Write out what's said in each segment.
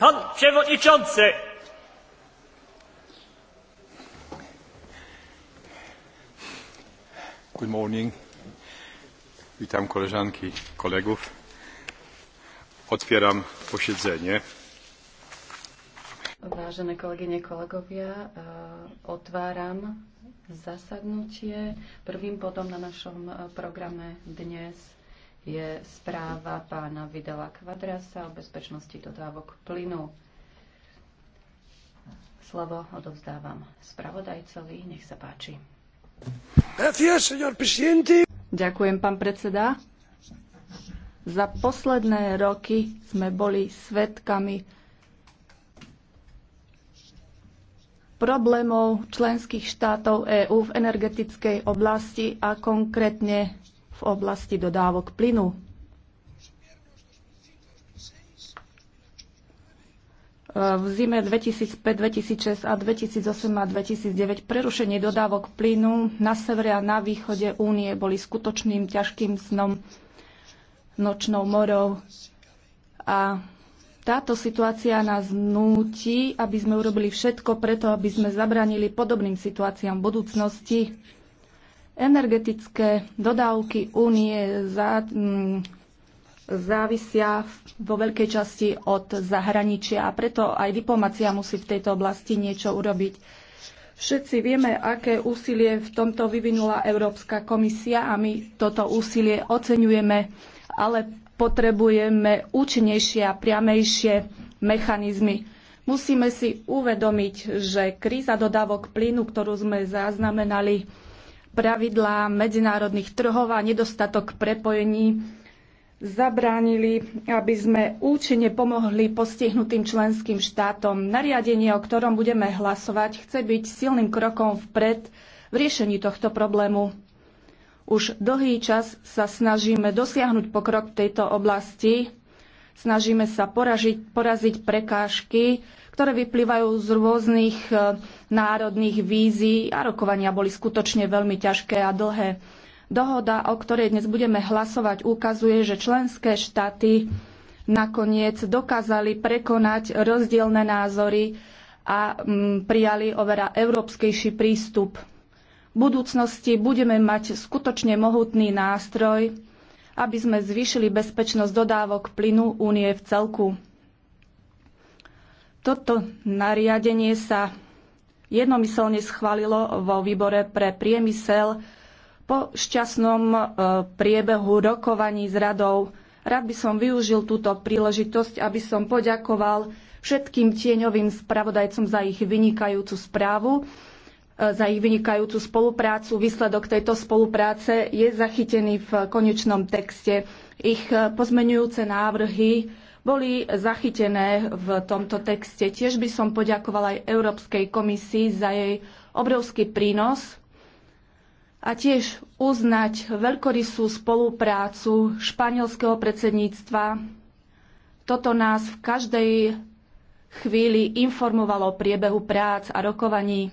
Pan przewodniczący! Good morning. Witam koleżanki, kolegów. Otwieram posiedzenie. Vážené kolegyne, kolegovia, e, otváram zasadnutie. Prvým bodom na našom e, programe dnes je správa pána Videla Kvadrasa o bezpečnosti dodávok plynu. Slovo odovzdávam spravodajcovi. Nech sa páči. Ďakujem, pán predseda. Za posledné roky sme boli svetkami problémov členských štátov EÚ v energetickej oblasti a konkrétne v oblasti dodávok plynu. V zime 2005, 2006 a 2008 a 2009 prerušenie dodávok plynu na severe a na východe únie boli skutočným ťažkým snom nočnou morou. A táto situácia nás núti, aby sme urobili všetko preto, aby sme zabranili podobným situáciám v budúcnosti. Energetické dodávky únie za, mm, závisia vo veľkej časti od zahraničia a preto aj diplomacia musí v tejto oblasti niečo urobiť. Všetci vieme, aké úsilie v tomto vyvinula Európska komisia a my toto úsilie oceňujeme, ale potrebujeme účinnejšie a priamejšie mechanizmy. Musíme si uvedomiť, že kríza dodávok plynu, ktorú sme zaznamenali pravidlá medzinárodných trhov a nedostatok prepojení zabránili, aby sme účinne pomohli postihnutým členským štátom. Nariadenie, o ktorom budeme hlasovať, chce byť silným krokom vpred v riešení tohto problému. Už dlhý čas sa snažíme dosiahnuť pokrok v tejto oblasti. Snažíme sa poražiť, poraziť prekážky, ktoré vyplývajú z rôznych národných vízií a rokovania boli skutočne veľmi ťažké a dlhé. Dohoda, o ktorej dnes budeme hlasovať, ukazuje, že členské štáty nakoniec dokázali prekonať rozdielne názory a mm, prijali oveľa európskejší prístup. V budúcnosti budeme mať skutočne mohutný nástroj, aby sme zvýšili bezpečnosť dodávok plynu únie v celku. Toto nariadenie sa jednomyselne schválilo vo výbore pre priemysel po šťastnom e, priebehu rokovaní s radou. Rád by som využil túto príležitosť, aby som poďakoval všetkým tieňovým spravodajcom za ich vynikajúcu správu, e, za ich vynikajúcu spoluprácu. Výsledok tejto spolupráce je zachytený v konečnom texte. Ich e, pozmenujúce návrhy boli zachytené v tomto texte. Tiež by som poďakovala aj Európskej komisii za jej obrovský prínos a tiež uznať veľkorysú spoluprácu španielského predsedníctva. Toto nás v každej chvíli informovalo o priebehu prác a rokovaní.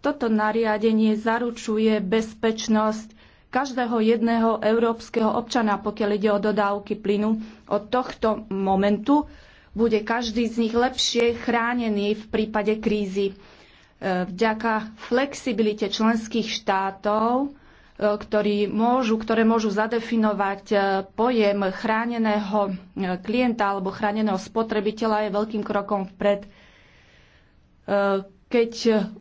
Toto nariadenie zaručuje bezpečnosť každého jedného európskeho občana, pokiaľ ide o dodávky plynu. Od tohto momentu bude každý z nich lepšie chránený v prípade krízy. E, vďaka flexibilite členských štátov e, ktorí môžu, ktoré môžu zadefinovať e, pojem chráneného klienta alebo chráneného spotrebiteľa je veľkým krokom vpred. Keď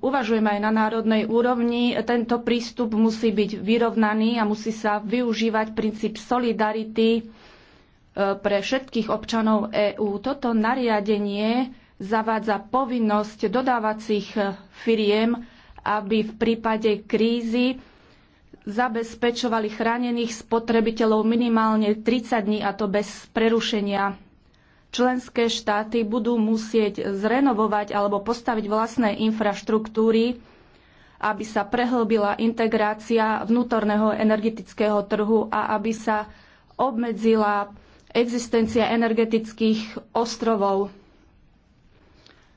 uvažujeme aj na národnej úrovni, tento prístup musí byť vyrovnaný a musí sa využívať princíp solidarity e, pre všetkých občanov EÚ. Toto nariadenie zavádza povinnosť dodávacích firiem, aby v prípade krízy zabezpečovali chránených spotrebiteľov minimálne 30 dní a to bez prerušenia členské štáty budú musieť zrenovovať alebo postaviť vlastné infraštruktúry, aby sa prehlbila integrácia vnútorného energetického trhu a aby sa obmedzila existencia energetických ostrovov.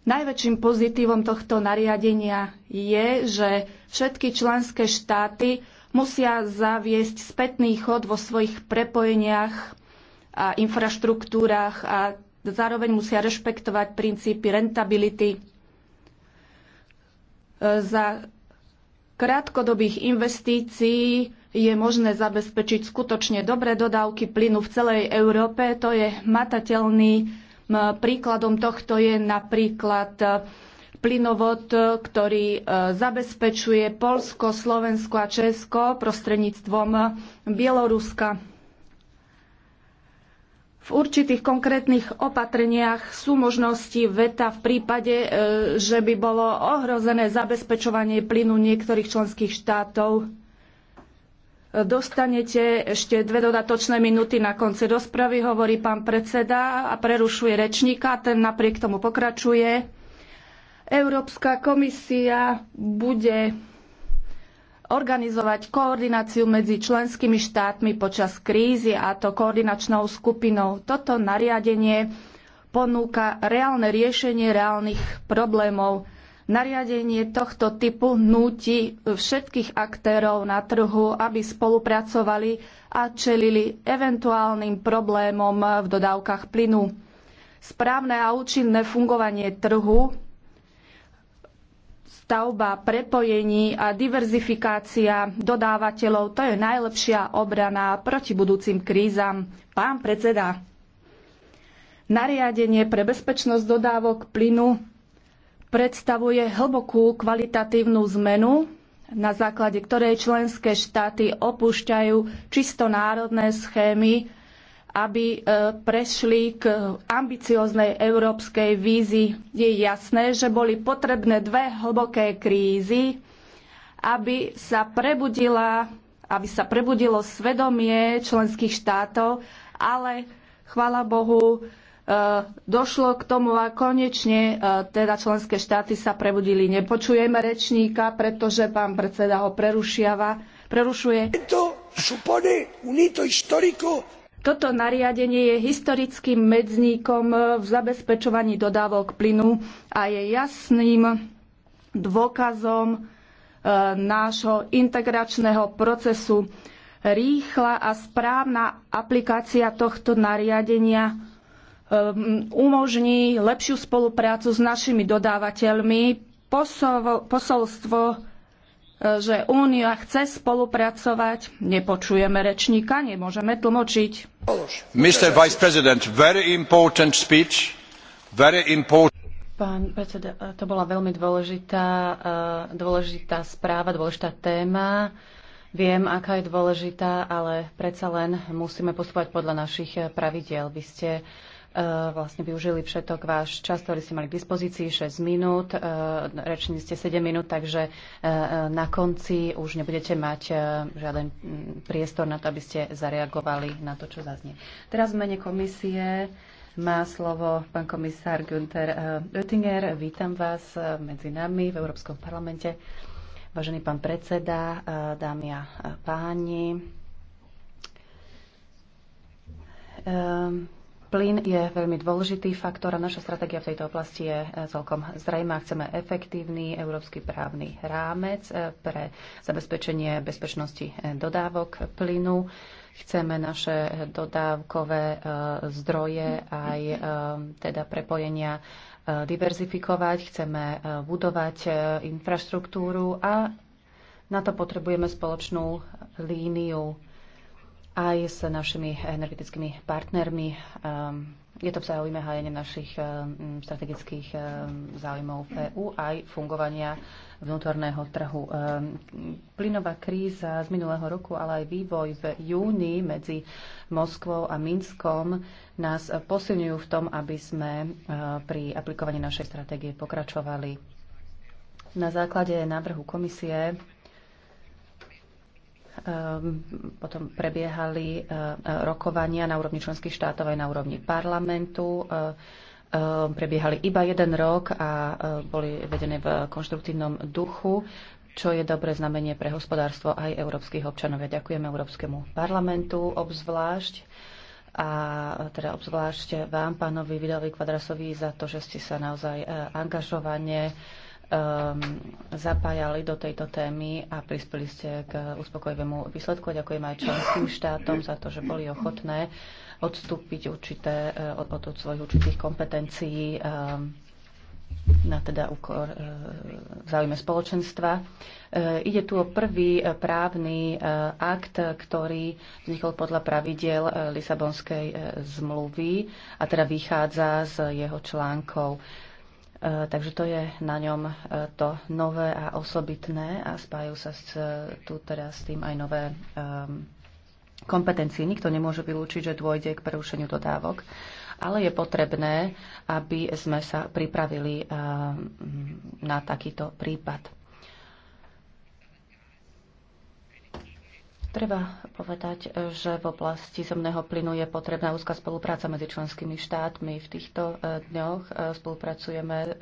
Najväčším pozitívom tohto nariadenia je, že všetky členské štáty musia zaviesť spätný chod vo svojich prepojeniach a infraštruktúrach a zároveň musia rešpektovať princípy rentability. E, za krátkodobých investícií je možné zabezpečiť skutočne dobré dodávky plynu v celej Európe. To je matateľný e, príkladom tohto je napríklad e, plynovod, ktorý zabezpečuje Polsko, Slovensko a Česko prostredníctvom Bieloruska v určitých konkrétnych opatreniach sú možnosti veta v prípade, e, že by bolo ohrozené zabezpečovanie plynu niektorých členských štátov. Dostanete ešte dve dodatočné minúty na konci rozpravy, hovorí pán predseda a prerušuje rečníka, ten napriek tomu pokračuje. Európska komisia bude organizovať koordináciu medzi členskými štátmi počas krízy a to koordinačnou skupinou. Toto nariadenie ponúka reálne riešenie reálnych problémov. Nariadenie tohto typu núti všetkých aktérov na trhu, aby spolupracovali a čelili eventuálnym problémom v dodávkach plynu. Správne a účinné fungovanie trhu stavba prepojení a diverzifikácia dodávateľov, to je najlepšia obrana proti budúcim krízam. Pán predseda, nariadenie pre bezpečnosť dodávok plynu predstavuje hlbokú kvalitatívnu zmenu, na základe ktorej členské štáty opúšťajú čisto národné schémy aby e, prešli k ambicioznej európskej vízi. Je jasné, že boli potrebné dve hlboké krízy, aby sa, prebudila, aby sa prebudilo svedomie členských štátov, ale chvála Bohu, e, došlo k tomu a konečne e, teda členské štáty sa prebudili. Nepočujeme rečníka, pretože pán predseda ho prerušiava, prerušuje. To supone un hito toto nariadenie je historickým medzníkom v zabezpečovaní dodávok plynu a je jasným dôkazom e, nášho integračného procesu. Rýchla a správna aplikácia tohto nariadenia e, umožní lepšiu spoluprácu s našimi dodávateľmi. Posolstvo, e, že Únia chce spolupracovať, nepočujeme rečníka, nemôžeme tlmočiť. Mr. Vice President, very important speech, very important... Pán predseda, eh, to bola veľmi dôležitá, eh, dôležitá správa, dôležitá téma. Viem, aká je dôležitá, ale predsa len musíme postupovať podľa našich eh, pravidiel. Vy ste E, vlastne využili všetok váš čas, ktorý ste mali k dispozícii, 6 minút, e, rečnili ste 7 minút, takže e, na konci už nebudete mať žiaden mm, priestor na to, aby ste zareagovali na to, čo zaznie. Teraz v mene komisie má slovo pán komisár Günther Oettinger. Vítam vás medzi nami v Európskom parlamente. Vážený pán predseda, dámy a páni, Plyn je veľmi dôležitý faktor a naša stratégia v tejto oblasti je eh, celkom zrejmá. Chceme efektívny európsky právny rámec eh, pre zabezpečenie bezpečnosti eh, dodávok plynu. Chceme naše dodávkové zdroje aj teda prepojenia diverzifikovať, chceme budovať infraštruktúru a na to potrebujeme spoločnú líniu aj s našimi energetickými partnermi. Ehm, je to v záujme hájenie našich ehm, strategických ehm, záujmov v EÚ aj fungovania vnútorného trhu. Plynová kríza z minulého roku, ale aj vývoj v júni medzi Moskvou a Minskom nás posilňujú v tom, aby sme pri aplikovaní našej stratégie pokračovali. Na základe návrhu komisie Ehm, potom prebiehali eh, eh, rokovania na úrovni členských štátov aj na úrovni parlamentu. Eh, ehm, prebiehali iba jeden rok a boli vedené v konštruktívnom duchu, čo je dobré znamenie pre hospodárstvo aj európskych občanov. Ďakujeme Európskemu parlamentu obzvlášť a teda obzvlášť vám, pánovi Vidalovi Kvadrasovi, za to, že ste sa naozaj angažovane Ehm, zapájali do tejto témy a prispeli ste k uspokojivému výsledku. ďakujem aj členským štátom za to, že boli ochotné odstúpiť určité, eh, od, od, od svojich určitých kompetencií ehm, na teda úkor eh, v záujme spoločenstva. Eh, ide tu o prvý právny akt, ktorý vznikol podľa pravidiel Lisabonskej zmluvy a teda vychádza z jeho článkov. E, takže to je na ňom e, to nové a osobitné a spájajú sa s, e, tu teraz s tým aj nové um, kompetencie. Nikto nemôže vylúčiť, že dôjde k prerušeniu dodávok, ale je potrebné, aby sme sa pripravili um, na takýto prípad. Treba povedať, že v oblasti zemného plynu je potrebná úzka spolupráca medzi členskými štátmi. V týchto e, dňoch e, spolupracujeme e,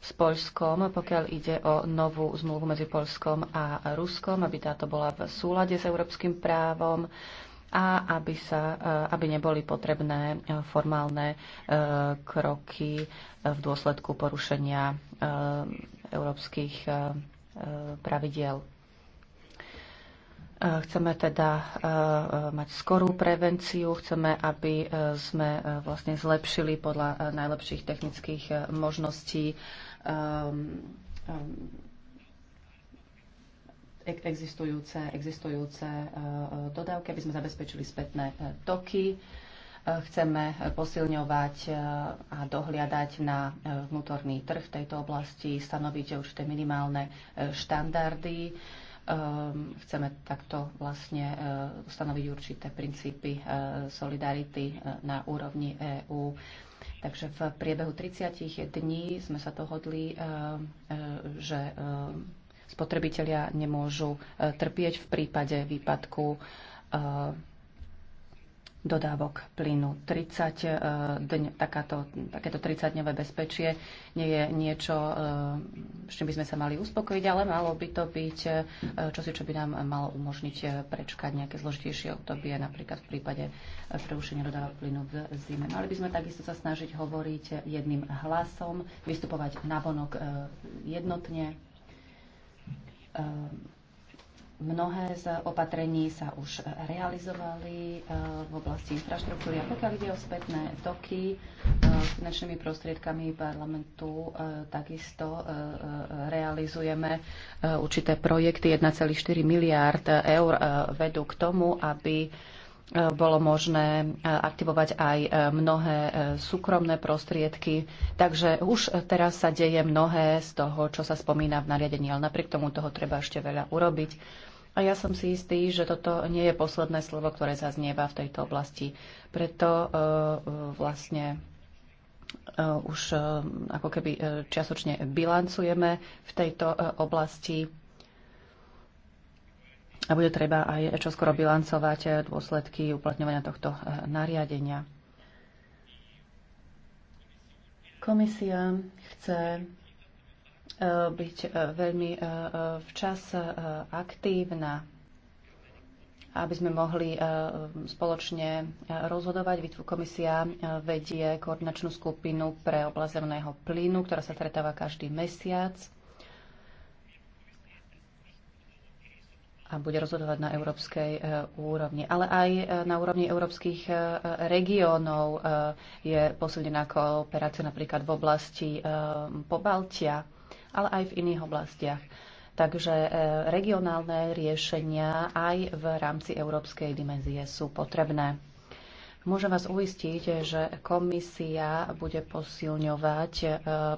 s Poľskom, pokiaľ ide o novú zmluvu medzi Poľskom a Ruskom, aby táto bola v súlade s európskym právom a aby, sa, aby neboli potrebné formálne kroky v dôsledku porušenia európskych pravidiel. E, chceme teda e, e, mať skorú prevenciu, chceme, aby sme vlastne zlepšili podľa najlepších technických možností ehm, ehm, existujúce, existujúce dodávky, aby sme zabezpečili spätné toky. Chceme posilňovať a dohliadať na vnútorný trh v tejto oblasti, stanoviť určité minimálne štandardy Ehm, chceme takto vlastne eh, stanoviť určité princípy eh, solidarity eh, na úrovni EÚ. Takže v priebehu 30 dní sme sa dohodli, že spotrebitelia nemôžu trpieť v prípade výpadku dodávok plynu. 30 e, dň, takáto, takéto 30-dňové bezpečie nie je niečo, e, s čím by sme sa mali uspokojiť, ale malo by to byť e, čosi, čo by nám malo umožniť prečkať nejaké zložitejšie obdobie, napríklad v prípade prerušenia dodávok plynu v zime. Mali by sme takisto sa snažiť hovoriť jedným hlasom, vystupovať navonok jednotne Mnohé z opatrení sa už realizovali eh, v oblasti infraštruktúry a pokiaľ ide o spätné toky eh, finančnými prostriedkami parlamentu, eh, takisto realizujeme určité projekty. 1,4 miliárd eur vedú k tomu, aby bolo možné e, aktivovať aj e, mnohé e, súkromné prostriedky. Takže už teraz sa deje mnohé z toho, čo sa spomína v nariadení, ale napriek tomu toho treba ešte veľa urobiť. A ja som si istý, že toto nie je posledné slovo, ktoré zaznieva v tejto oblasti. Preto vlastne už ako keby čiasočne bilancujeme v tejto oblasti a bude treba aj čoskoro bilancovať eh, dôsledky uplatňovania tohto eh, nariadenia. Komisia chce eh, byť veľmi včas aktívna, aby sme mohli spoločne rozhodovať. Komisia vedie koordinačnú skupinu pre oblasť zemného plynu, ktorá sa stretáva každý mesiac a bude rozhodovať na európskej e, úrovni. Ale aj e, na úrovni európskych e, regiónov je posilnená kooperácia napríklad v oblasti Pobaltia, ale aj v iných oblastiach. Takže regionálne riešenia aj v rámci európskej dimenzie sú potrebné. Môžem vás uistiť, že komisia bude posilňovať,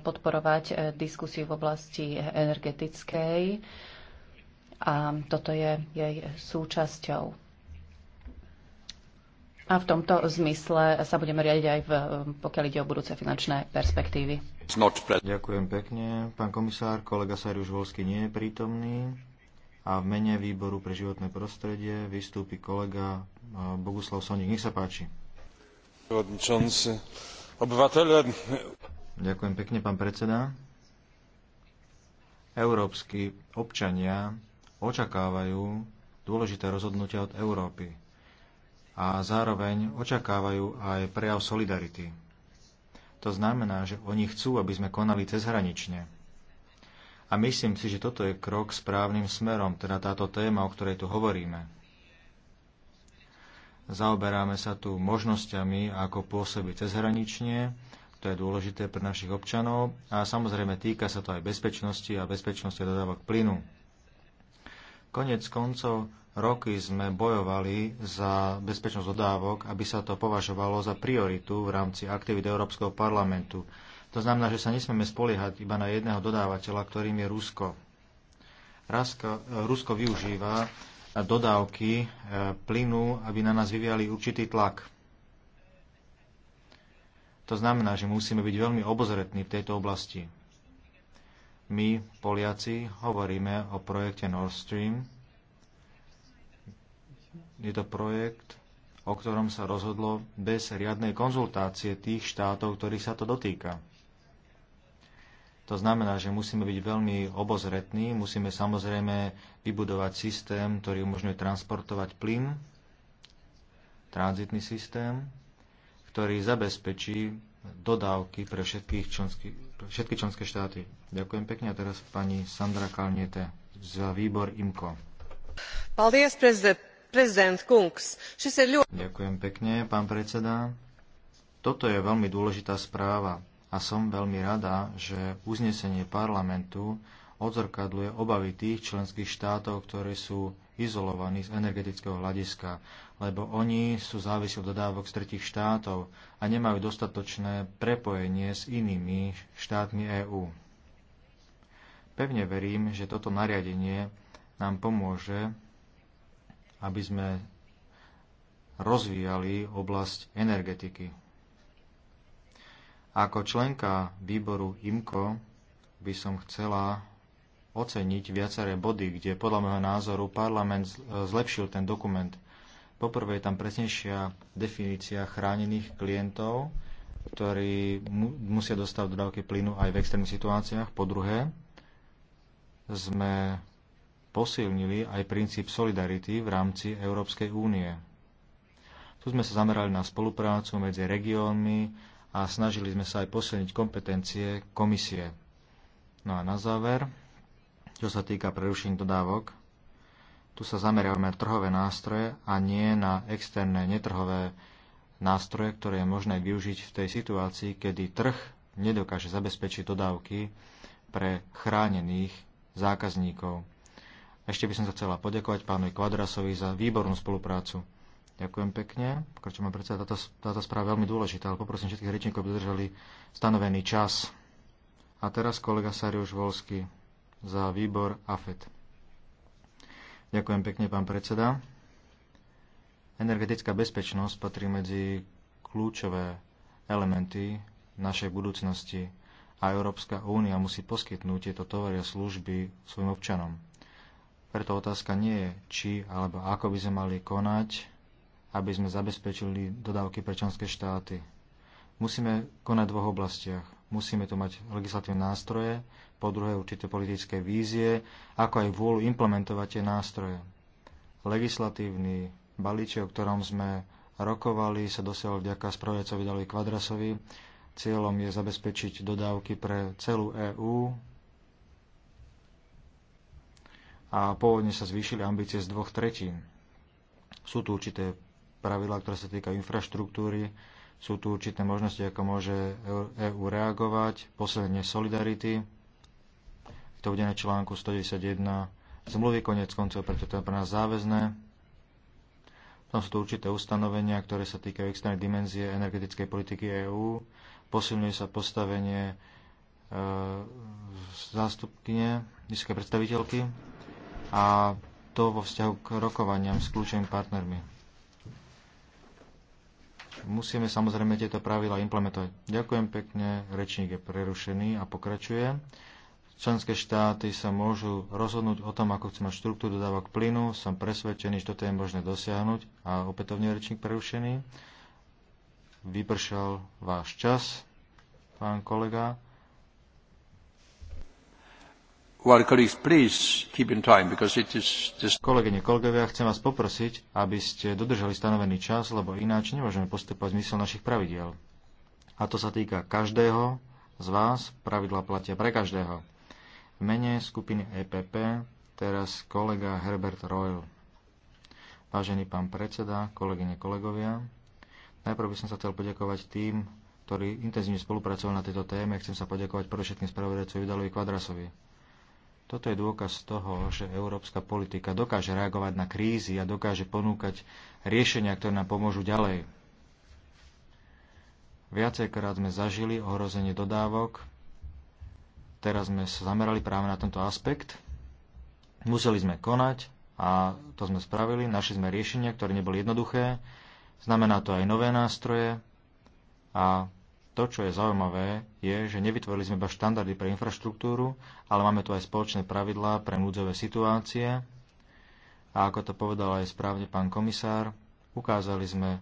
podporovať diskusiu v oblasti energetickej, a toto je jej súčasťou. A v tomto zmysle sa budeme riadiť aj v, pokiaľ ide o budúce finančné perspektívy. Ďakujem pekne. Pán komisár, kolega Sariuš Volsky nie je prítomný. A v mene výboru pre životné prostredie vystúpi kolega e, Boguslav Sonik. Nech sa páči. Ďakujem pekne, pán predseda. Európsky občania očakávajú dôležité rozhodnutia od Európy a zároveň očakávajú aj prejav solidarity. To znamená, že oni chcú, aby sme konali cezhranične. A myslím si, že toto je krok správnym smerom, teda táto téma, o ktorej tu hovoríme. Zaoberáme sa tu možnosťami, ako pôsobiť cezhranične, to je dôležité pre našich občanov a samozrejme týka sa to aj bezpečnosti a bezpečnosti dodávok plynu. Konec koncov roky sme bojovali za bezpečnosť dodávok, aby sa to považovalo za prioritu v rámci aktivít Európskeho parlamentu. To znamená, že sa nesmieme spoliehať iba na jedného dodávateľa, ktorým je Rusko. Rusko, Rusko využíva dodávky e, plynu, aby na nás vyviali určitý tlak. To znamená, že musíme byť veľmi obozretní v tejto oblasti. My, Poliaci, hovoríme o projekte Nord Stream. Je to projekt, o ktorom sa rozhodlo bez riadnej konzultácie tých štátov, ktorých sa to dotýka. To znamená, že musíme byť veľmi obozretní, musíme samozrejme vybudovať systém, ktorý umožňuje transportovať plyn, tranzitný systém, ktorý zabezpečí dodávky pre všetkých členských všetky členské štáty. Ďakujem pekne a teraz pani Sandra Kalniete za výbor IMKO. Paldies, prezident, Kungs. Ďakujem pekne, pán predseda. Toto je veľmi dôležitá správa a som veľmi rada, že uznesenie parlamentu odzrkadluje obavy tých členských štátov, ktoré sú izolovaní z energetického hľadiska lebo oni sú závislí od dodávok z tretich štátov a nemajú dostatočné prepojenie s inými štátmi EÚ. Pevne verím, že toto nariadenie nám pomôže, aby sme rozvíjali oblasť energetiky. Ako členka výboru IMCO by som chcela oceniť viaceré body, kde podľa môjho názoru parlament zlepšil ten dokument – Poprvé je tam presnejšia definícia chránených klientov, ktorí mu, musia dostať dodávky plynu aj v extrémnych situáciách. Po druhé, sme posilnili aj princíp solidarity v rámci Európskej únie. Tu sme sa zamerali na spoluprácu medzi regiónmi a snažili sme sa aj posilniť kompetencie komisie. No a na záver, čo sa týka prerušení dodávok, tu sa zameriavame na trhové nástroje a nie na externé netrhové nástroje, ktoré je možné využiť v tej situácii, kedy trh nedokáže zabezpečiť dodávky pre chránených zákazníkov. Ešte by som sa chcela poďakovať pánovi Kvadrasovi za výbornú spoluprácu. Ďakujem pekne. Pokračujem, predsa. táto, táto správa je veľmi dôležitá, ale poprosím všetkých rečníkov, aby dodržali stanovený čas. A teraz kolega Sariuš Volsky za výbor AFET. Ďakujem pekne, pán predseda. Energetická bezpečnosť patrí medzi kľúčové elementy našej budúcnosti a Európska únia musí poskytnúť tieto tovary a služby svojim občanom. Preto otázka nie je, či alebo ako by sme mali konať, aby sme zabezpečili dodávky pre členské štáty. Musíme konať v dvoch oblastiach. Musíme tu mať legislatívne nástroje, po druhé určité politické vízie, ako aj vôľu implementovať tie nástroje. Legislatívny balíček, o ktorom sme rokovali, sa dosiahol vďaka spravodajcovi Dalovi Kvadrasovi. Cieľom je zabezpečiť dodávky pre celú EÚ a pôvodne sa zvýšili ambície z dvoch tretín. Sú tu určité pravidlá, ktoré sa týkajú infraštruktúry, sú tu určité možnosti, ako môže EÚ reagovať, posledne solidarity, to bude na článku 191 zmluvy konec koncov, preto to je pre nás záväzné. Tam sú tu určité ustanovenia, ktoré sa týkajú externej dimenzie energetickej politiky EÚ. Posilňuje sa postavenie e, zástupkyne, vysoké predstaviteľky a to vo vzťahu k rokovaniam s kľúčovými partnermi musíme samozrejme tieto pravidla implementovať. Ďakujem pekne, rečník je prerušený a pokračuje. Členské štáty sa môžu rozhodnúť o tom, ako chcú mať štruktúru dodávok plynu. Som presvedčený, že toto je možné dosiahnuť. A opätovne rečník prerušený. Vypršal váš čas, pán kolega. Kolegyne, kolegovia, chcem vás poprosiť, aby ste dodržali stanovený čas, lebo ináč nemôžeme postupovať zmysel našich pravidiel. A to sa týka každého z vás, pravidla platia pre každého. V mene skupiny EPP teraz kolega Herbert Royal. Vážený pán predseda, kolegyne, kolegovia, najprv by som sa chcel poďakovať tým, ktorí intenzívne spolupracoval na tejto téme. Chcem sa poďakovať všetkým spravodajcovi Vidalovi Kvadrasovi toto je dôkaz toho, že európska politika dokáže reagovať na krízy a dokáže ponúkať riešenia, ktoré nám pomôžu ďalej. Viacejkrát sme zažili ohrozenie dodávok, teraz sme sa zamerali práve na tento aspekt. Museli sme konať a to sme spravili, našli sme riešenia, ktoré neboli jednoduché, znamená to aj nové nástroje a to, čo je zaujímavé, je, že nevytvorili sme iba štandardy pre infraštruktúru, ale máme tu aj spoločné pravidlá pre núdzové situácie. A ako to povedal aj správne pán komisár, ukázali sme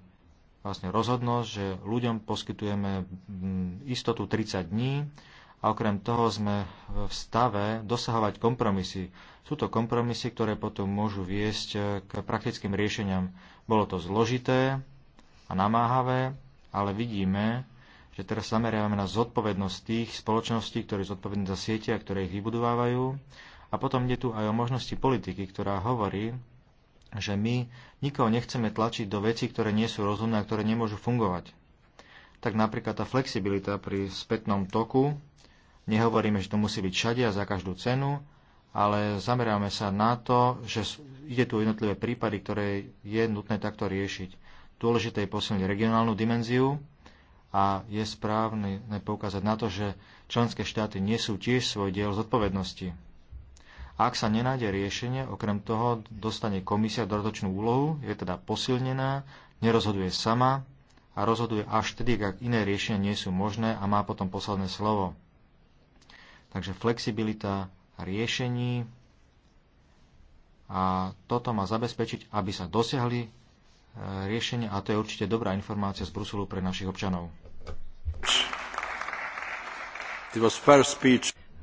vlastne rozhodnosť, že ľuďom poskytujeme mm, istotu 30 dní a okrem toho sme v stave dosahovať kompromisy. Sú to kompromisy, ktoré potom môžu viesť e, k praktickým riešeniam. Bolo to zložité a namáhavé, ale vidíme, že teraz zameriavame na zodpovednosť tých spoločností, ktoré sú zodpovedné za siete a ktoré ich vybudovávajú. A potom ide tu aj o možnosti politiky, ktorá hovorí, že my nikoho nechceme tlačiť do vecí, ktoré nie sú rozumné a ktoré nemôžu fungovať. Tak napríklad tá flexibilita pri spätnom toku, nehovoríme, že to musí byť všade a za každú cenu, ale zameráme sa na to, že ide tu jednotlivé prípady, ktoré je nutné takto riešiť. Dôležité je posilniť regionálnu dimenziu, a je správne poukázať na to, že členské štáty nesú tiež svoj diel zodpovednosti. Ak sa nenájde riešenie, okrem toho dostane komisia dodatočnú úlohu, je teda posilnená, nerozhoduje sama a rozhoduje až tedy, ak iné riešenia nie sú možné a má potom posledné slovo. Takže flexibilita riešení a toto má zabezpečiť, aby sa dosiahli e, riešenia a to je určite dobrá informácia z Bruselu pre našich občanov.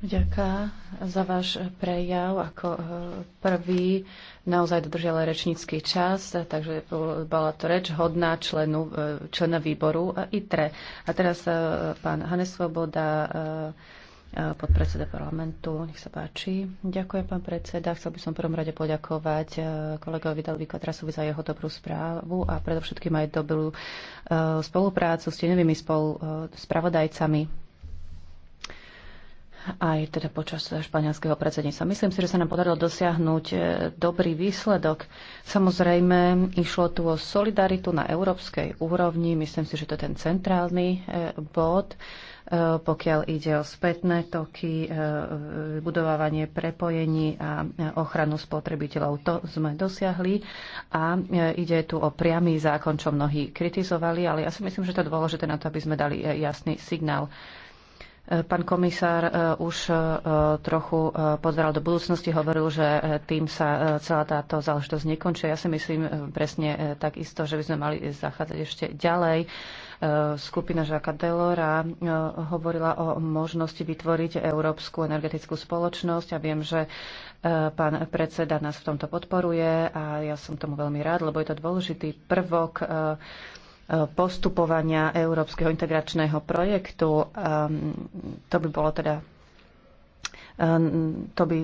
Ďaká za váš prejav ako eh, prvý. Naozaj dodržiala rečnícky čas, takže bola to reč hodná členu, eh, člena výboru eh, ITRE. A teraz pán Hanes Svoboda Eh, podpredseda parlamentu. Nech sa páči. Ďakujem, pán predseda. Chcel by som prvom rade poďakovať eh, kolegovi Dalvi Katrasovi za jeho dobrú správu a predovšetkým aj dobrú eh, spoluprácu s tenovými spravodajcami aj teda počas španielského predsedníctva. Myslím si, že sa nám podarilo dosiahnuť e, dobrý výsledok. Samozrejme, išlo tu o solidaritu na európskej úrovni. Myslím si, že to je ten centrálny e, bod, e, pokiaľ ide o spätné toky, budovávanie prepojení a ochranu spotrebiteľov. To sme dosiahli a ide tu o priamy zákon, čo mnohí kritizovali, ale ja si myslím, že to je dôležité na to, aby sme dali jasný signál Pán komisár e, už e, trochu e, pozeral do budúcnosti, hovoril, že tým sa celá táto záležitosť nekončí. Ja si myslím presne takisto, že by sme mali zachádzať ešte ďalej. Skupina Žáka Delora hovorila o možnosti vytvoriť Európsku energetickú spoločnosť a viem, že pán predseda nás v tomto podporuje a ja som tomu veľmi rád, lebo je to dôležitý prvok postupovania európskeho integračného projektu. Ehm, to by bolo teda ehm, to by,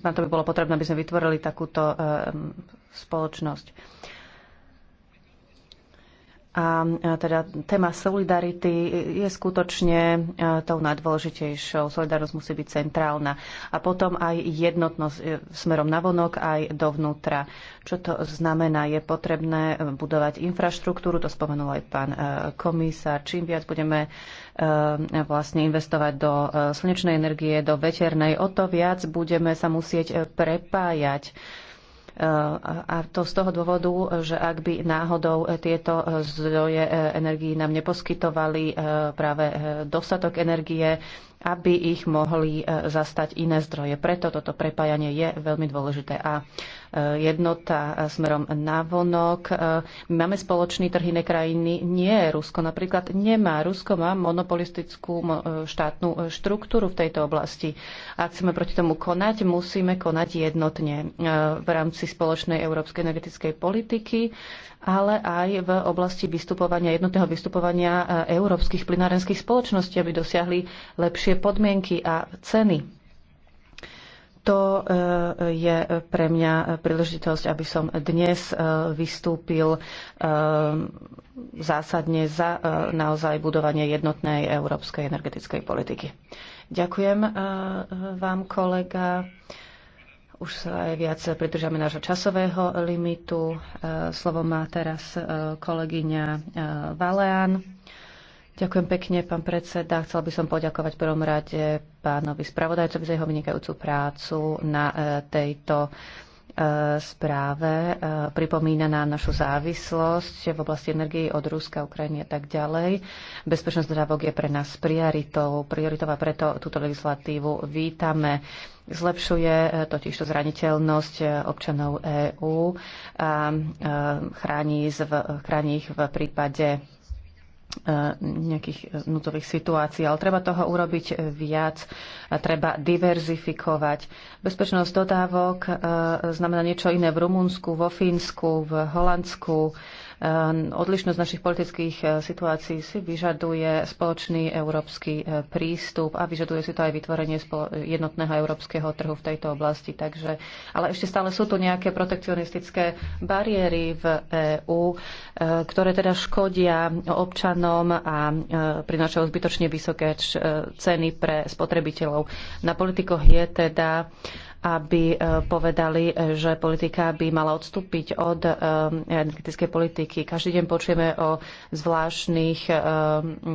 na to by bolo potrebné, aby sme vytvorili takúto ehm, spoločnosť. A teda téma solidarity je skutočne tou najdôležitejšou. Solidarnosť musí byť centrálna. A potom aj jednotnosť e, smerom navonok aj dovnútra. Čo to znamená? Je potrebné e, budovať infraštruktúru, to spomenul aj pán e, komisár. Čím viac budeme vlastne investovať do slnečnej energie, do veternej, o to viac budeme sa musieť prepájať a to z toho dôvodu, že ak by náhodou tieto zdroje eh, energií nám neposkytovali eh, práve eh, dostatok energie, aby ich mohli e, zastať iné zdroje. Preto toto prepájanie je veľmi dôležité. A e, jednota e, smerom na vonok. My máme spoločný trh iné krajiny. Nie, Rusko napríklad nemá. Rusko má monopolistickú štátnu štruktúru v tejto oblasti. ak chceme proti tomu konať, musíme konať jednotne v rámci spoločnej európskej energetickej politiky ale aj v oblasti vystupovania, jednotného vystupovania e, európskych plinárenských spoločností, aby dosiahli lepšie podmienky a ceny. To e, je pre mňa príležitosť, aby som dnes e, vystúpil zásadne za naozaj budovanie jednotnej európskej energetickej politiky. Ďakujem vám, kolega. Už sa aj viac pridržame nášho časového limitu. E, slovo má teraz e, kolegyňa e, Valeán. Ďakujem pekne, pán predseda. Chcel by som poďakovať prvom rade pánovi spravodajcovi za jeho vynikajúcu prácu na tejto správe pripomína nám našu závislosť v oblasti energii od Ruska, Ukrajiny a tak ďalej. Bezpečnosť dodávok je pre nás prioritou, prioritou a preto túto legislatívu vítame. Zlepšuje e, totiž to zraniteľnosť e, občanov EÚ a e, chráni, chráni ich v prípade nejakých núdzových situácií, ale treba toho urobiť viac, treba diverzifikovať. Bezpečnosť dodávok znamená niečo iné v Rumunsku, vo Fínsku, v Holandsku, Ehm, odlišnosť našich politických eh, situácií si vyžaduje spoločný európsky eh, prístup a vyžaduje si to aj vytvorenie jednotného európskeho trhu v tejto oblasti. Takže, ale ešte stále sú tu nejaké protekcionistické bariéry v EÚ, eh, ktoré teda škodia občanom a prinášajú zbytočne vysoké ceny pre spotrebiteľov. Na politikoch je teda aby e, povedali, e, že politika by mala odstúpiť od e, energetickej politiky. Každý deň počujeme o zvláštnych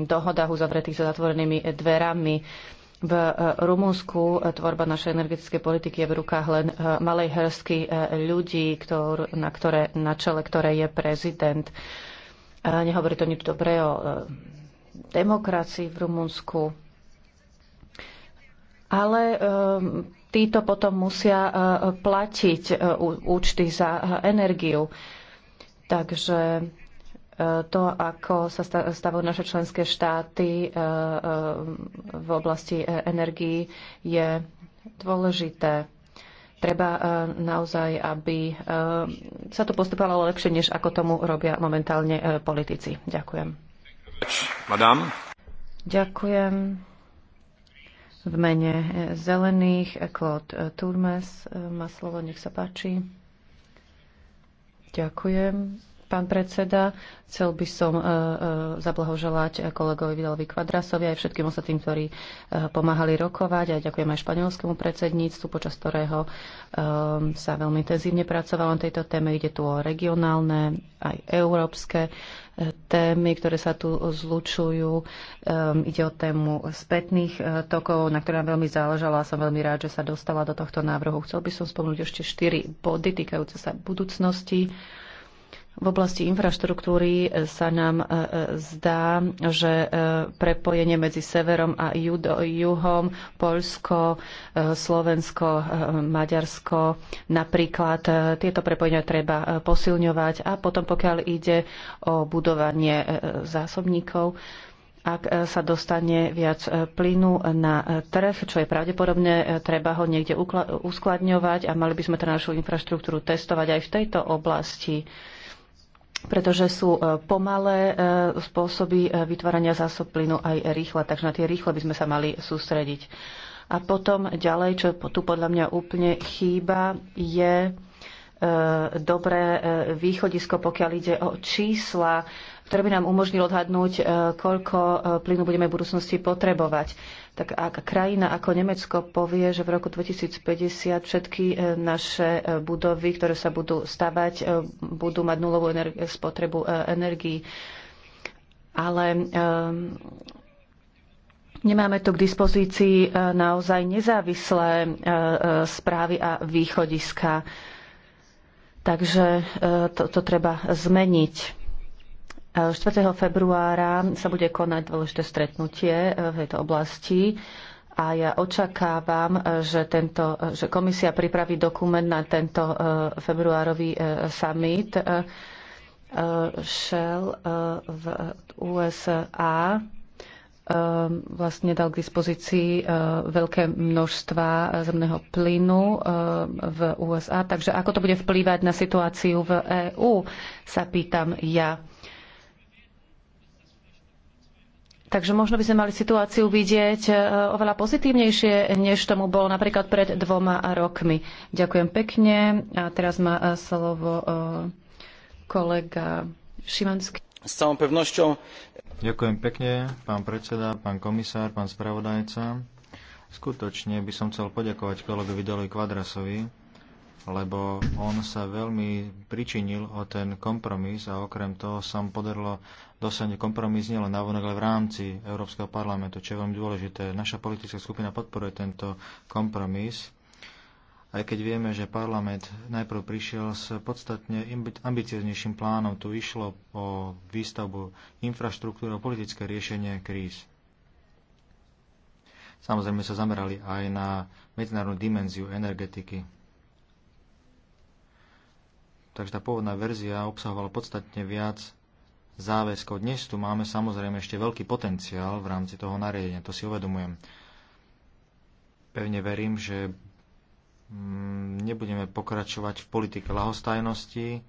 dohodách uzavretých so zatvorenými dverami. V Rumunsku tvorba našej energetickej politiky je v rukách len malej hrsky ľudí, ktor, na, ktoré, na čele ktorej je prezident. Nehovorí to nič dobré o demokracii v Rumunsku ale ehm, títo potom musia e, platiť e, účty za e, energiu. Takže to, ako sa stavujú naše členské štáty v oblasti energií, je dôležité. Treba naozaj, aby sa to postupovalo lepšie, než ako tomu robia momentálne politici. Ďakujem. Madame. Ďakujem. V mene e, zelených e, Claude e, Turmes má slovo, nech sa páči. Ďakujem pán predseda. Chcel by som e, e, zablahoželať e, kolegovi Vidalovi Kvadrasovi aj všetkým ostatným, ktorí pomáhali rokovať. A ďakujem aj španielskému predsedníctvu, počas ktorého sa veľmi intenzívne pracovalo na tejto téme. Ide tu o regionálne, aj európske témy, ktoré sa tu zlučujú. Ide o tému spätných tokov, na ktoré nám veľmi záležala a som veľmi rád, že sa dostala do tohto návrhu. Chcel by som spomnúť ešte štyri body týkajúce sa budúcnosti. V oblasti infraštruktúry e, sa nám e, e, zdá, že prepojenie medzi severom a juhom, Polsko, Slovensko, Maďarsko, napríklad tieto prepojenia treba posilňovať. A potom, pokiaľ ide o budovanie zásobníkov, ak sa dostane viac plynu na trh, čo je pravdepodobne, treba ho niekde uskladňovať a mali by sme tú našu infraštruktúru testovať aj v tejto oblasti pretože sú e, pomalé e, spôsoby e, vytvárania zásob plynu aj rýchle, takže na tie rýchle by sme sa mali sústrediť. A potom ďalej, čo tu podľa mňa úplne chýba, je dobré východisko, pokiaľ ide o čísla, ktoré by nám umožnilo odhadnúť, koľko plynu budeme v budúcnosti potrebovať tak ak krajina ako Nemecko povie, že v roku 2050 všetky e, naše e, budovy, ktoré sa budú stavať, e, budú mať nulovú energi- spotrebu energii, ale Nemáme tu k dispozícii naozaj nezávislé správy a východiska. Takže to, to treba zmeniť. 4. februára sa bude konať dôležité stretnutie e, v tejto oblasti a ja očakávam, že, tento, že komisia pripraví dokument na tento e, februárový e, summit. Shell v USA vlastne dal k dispozícii veľké množstva zemného plynu v USA. Takže ako to bude vplývať na situáciu v EÚ, sa pýtam ja. Takže možno by sme mali situáciu vidieť e, oveľa pozitívnejšie, než tomu bolo napríklad pred dvoma rokmi. Ďakujem pekne. A teraz má e, slovo e, kolega Šimanský. S celou pevnosťou. Ďakujem pekne, pán predseda, pán komisár, pán spravodajca. Skutočne by som chcel poďakovať kolegovi Dolovi Kvadrasovi, lebo on sa veľmi pričinil o ten kompromis a okrem toho sa mu podarilo dosiahnuť kompromis nielen na vonok, ale v rámci Európskeho parlamentu, čo je veľmi dôležité. Naša politická skupina podporuje tento kompromis, aj keď vieme, že parlament najprv prišiel s podstatne ambicioznejším plánom. Tu išlo o výstavbu infraštruktúry a politické riešenie kríz. Samozrejme sa zamerali aj na medzinárodnú dimenziu energetiky takže tá pôvodná verzia obsahovala podstatne viac záväzkov. Dnes tu máme samozrejme ešte veľký potenciál v rámci toho nariadenia, to si uvedomujem. Pevne verím, že mm, nebudeme pokračovať v politike lahostajnosti,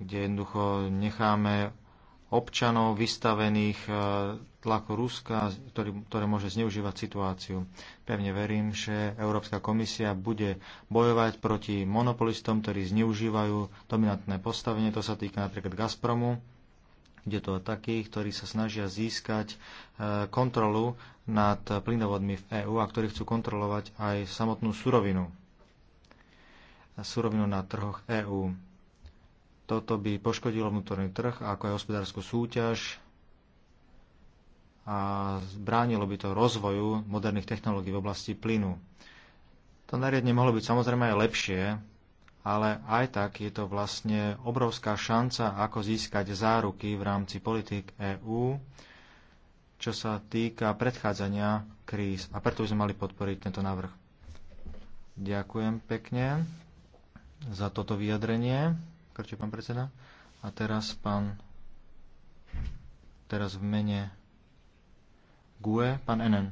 kde jednoducho necháme občanov vystavených e, tlaku Ruska, ktorý, ktoré môže zneužívať situáciu. Pevne verím, že Európska komisia bude bojovať proti monopolistom, ktorí zneužívajú dominantné postavenie. To sa týka napríklad Gazpromu, kde to takých, ktorí sa snažia získať e, kontrolu nad plynovodmi v EÚ a ktorí chcú kontrolovať aj samotnú surovinu. Surovinu na trhoch EÚ toto by poškodilo vnútorný trh, ako aj hospodárskú súťaž a bránilo by to rozvoju moderných technológií v oblasti plynu. To nariadne mohlo byť samozrejme aj lepšie, ale aj tak je to vlastne obrovská šanca, ako získať záruky v rámci politik EÚ, čo sa týka predchádzania kríz. A preto by sme mali podporiť tento návrh. Ďakujem pekne za toto vyjadrenie. Krčí pán predseda. A teraz pán... Teraz v mene GUE, pán Enen.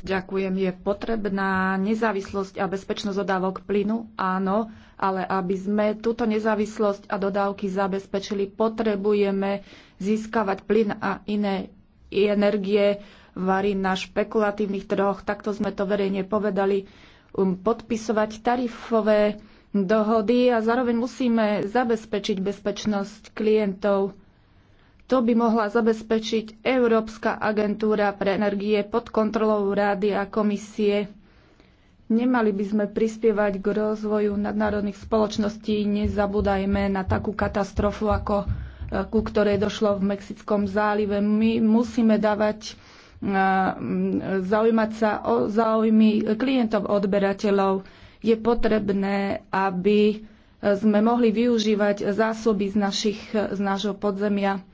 Ďakujem. Je potrebná nezávislosť a bezpečnosť dodávok plynu? Áno, ale aby sme túto nezávislosť a dodávky zabezpečili, potrebujeme získavať plyn a iné energie varí na špekulatívnych trhoch. Takto sme to verejne povedali. Um, podpisovať tarifové dohody a zároveň musíme zabezpečiť bezpečnosť klientov. To by mohla zabezpečiť Európska agentúra pre energie pod kontrolou Rády a komisie. Nemali by sme prispievať k rozvoju nadnárodných spoločností, nezabúdajme na takú katastrofu, ako e, ku ktorej došlo v Mexickom zálive. My musíme dávať e, zaujímať sa o záujmy klientov, odberateľov je potrebné, aby sme mohli využívať zásoby z, našich, z nášho podzemia.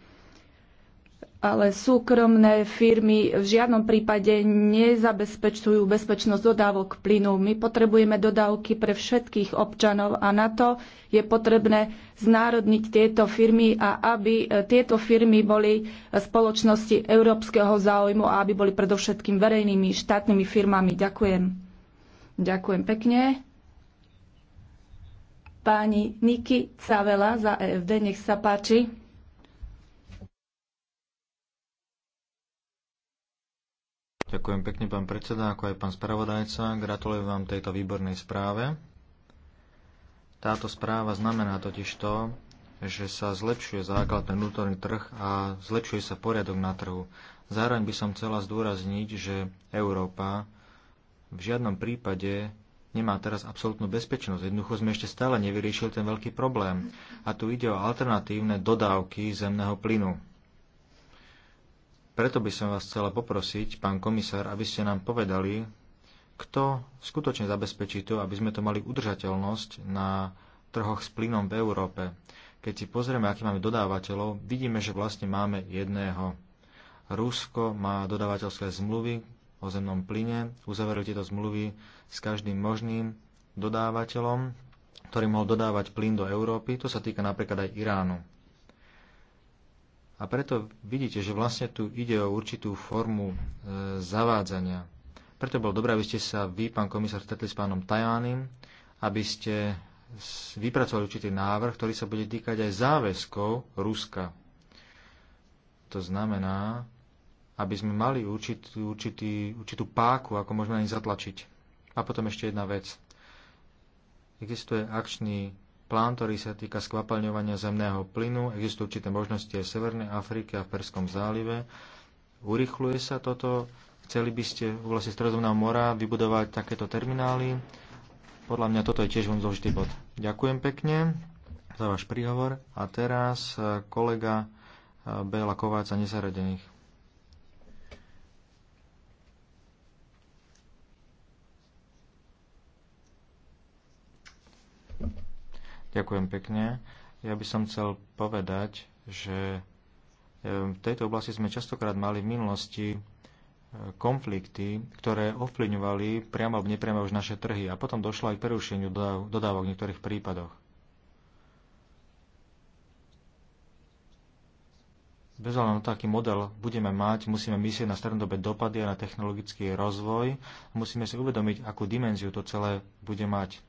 Ale súkromné firmy v žiadnom prípade nezabezpečujú bezpečnosť dodávok plynu. My potrebujeme dodávky pre všetkých občanov a na to je potrebné znárodniť tieto firmy a aby e, tieto firmy boli spoločnosti európskeho záujmu a aby boli predovšetkým verejnými štátnymi firmami. Ďakujem. Ďakujem pekne. Páni Niky Cavela za EFD, nech sa páči. Ďakujem pekne, pán predseda, ako aj pán spravodajca. Gratulujem vám tejto výbornej správe. Táto správa znamená totiž to, že sa zlepšuje základ na vnútorný trh a zlepšuje sa poriadok na trhu. Zároveň by som chcela zdôrazniť, že Európa v žiadnom prípade nemá teraz absolútnu bezpečnosť. Jednoducho sme ešte stále nevyriešili ten veľký problém. A tu ide o alternatívne dodávky zemného plynu. Preto by som vás chcela poprosiť, pán komisár, aby ste nám povedali, kto skutočne zabezpečí to, aby sme to mali udržateľnosť na trhoch s plynom v Európe. Keď si pozrieme, aký máme dodávateľov, vidíme, že vlastne máme jedného. Rusko má dodávateľské zmluvy, o zemnom plyne, uzavreli tieto zmluvy s každým možným dodávateľom, ktorý mohol dodávať plyn do Európy. To sa týka napríklad aj Iránu. A preto vidíte, že vlastne tu ide o určitú formu e, zavádzania. Preto bolo dobré, aby ste sa vy, pán komisár, stretli s pánom Tajánim, aby ste vypracovali určitý návrh, ktorý sa bude týkať aj záväzkov Ruska. To znamená, aby sme mali určitý, určitý, určitú páku, ako môžeme ani zatlačiť. A potom ešte jedna vec. Existuje akčný plán, ktorý sa týka skvapalňovania zemného plynu, existujú určité možnosti aj v Severnej Afrike a v Perskom zálive. Urychluje sa toto? Chceli by ste v oblasti Stredovného mora vybudovať takéto terminály? Podľa mňa toto je tiež veľmi dôležitý bod. Ďakujem pekne za váš príhovor. A teraz eh, kolega eh, Bela Kováca nezaradených. Ďakujem pekne. Ja by som chcel povedať, že v tejto oblasti sme častokrát mali v minulosti e, konflikty, ktoré ovplyvňovali priamo alebo nepriamo už naše trhy a potom došlo aj k prerušeniu dodávok v niektorých prípadoch. Bez na taký model budeme mať, musíme myslieť na strednodobé dopady a na technologický rozvoj. Musíme si uvedomiť, akú dimenziu to celé bude mať.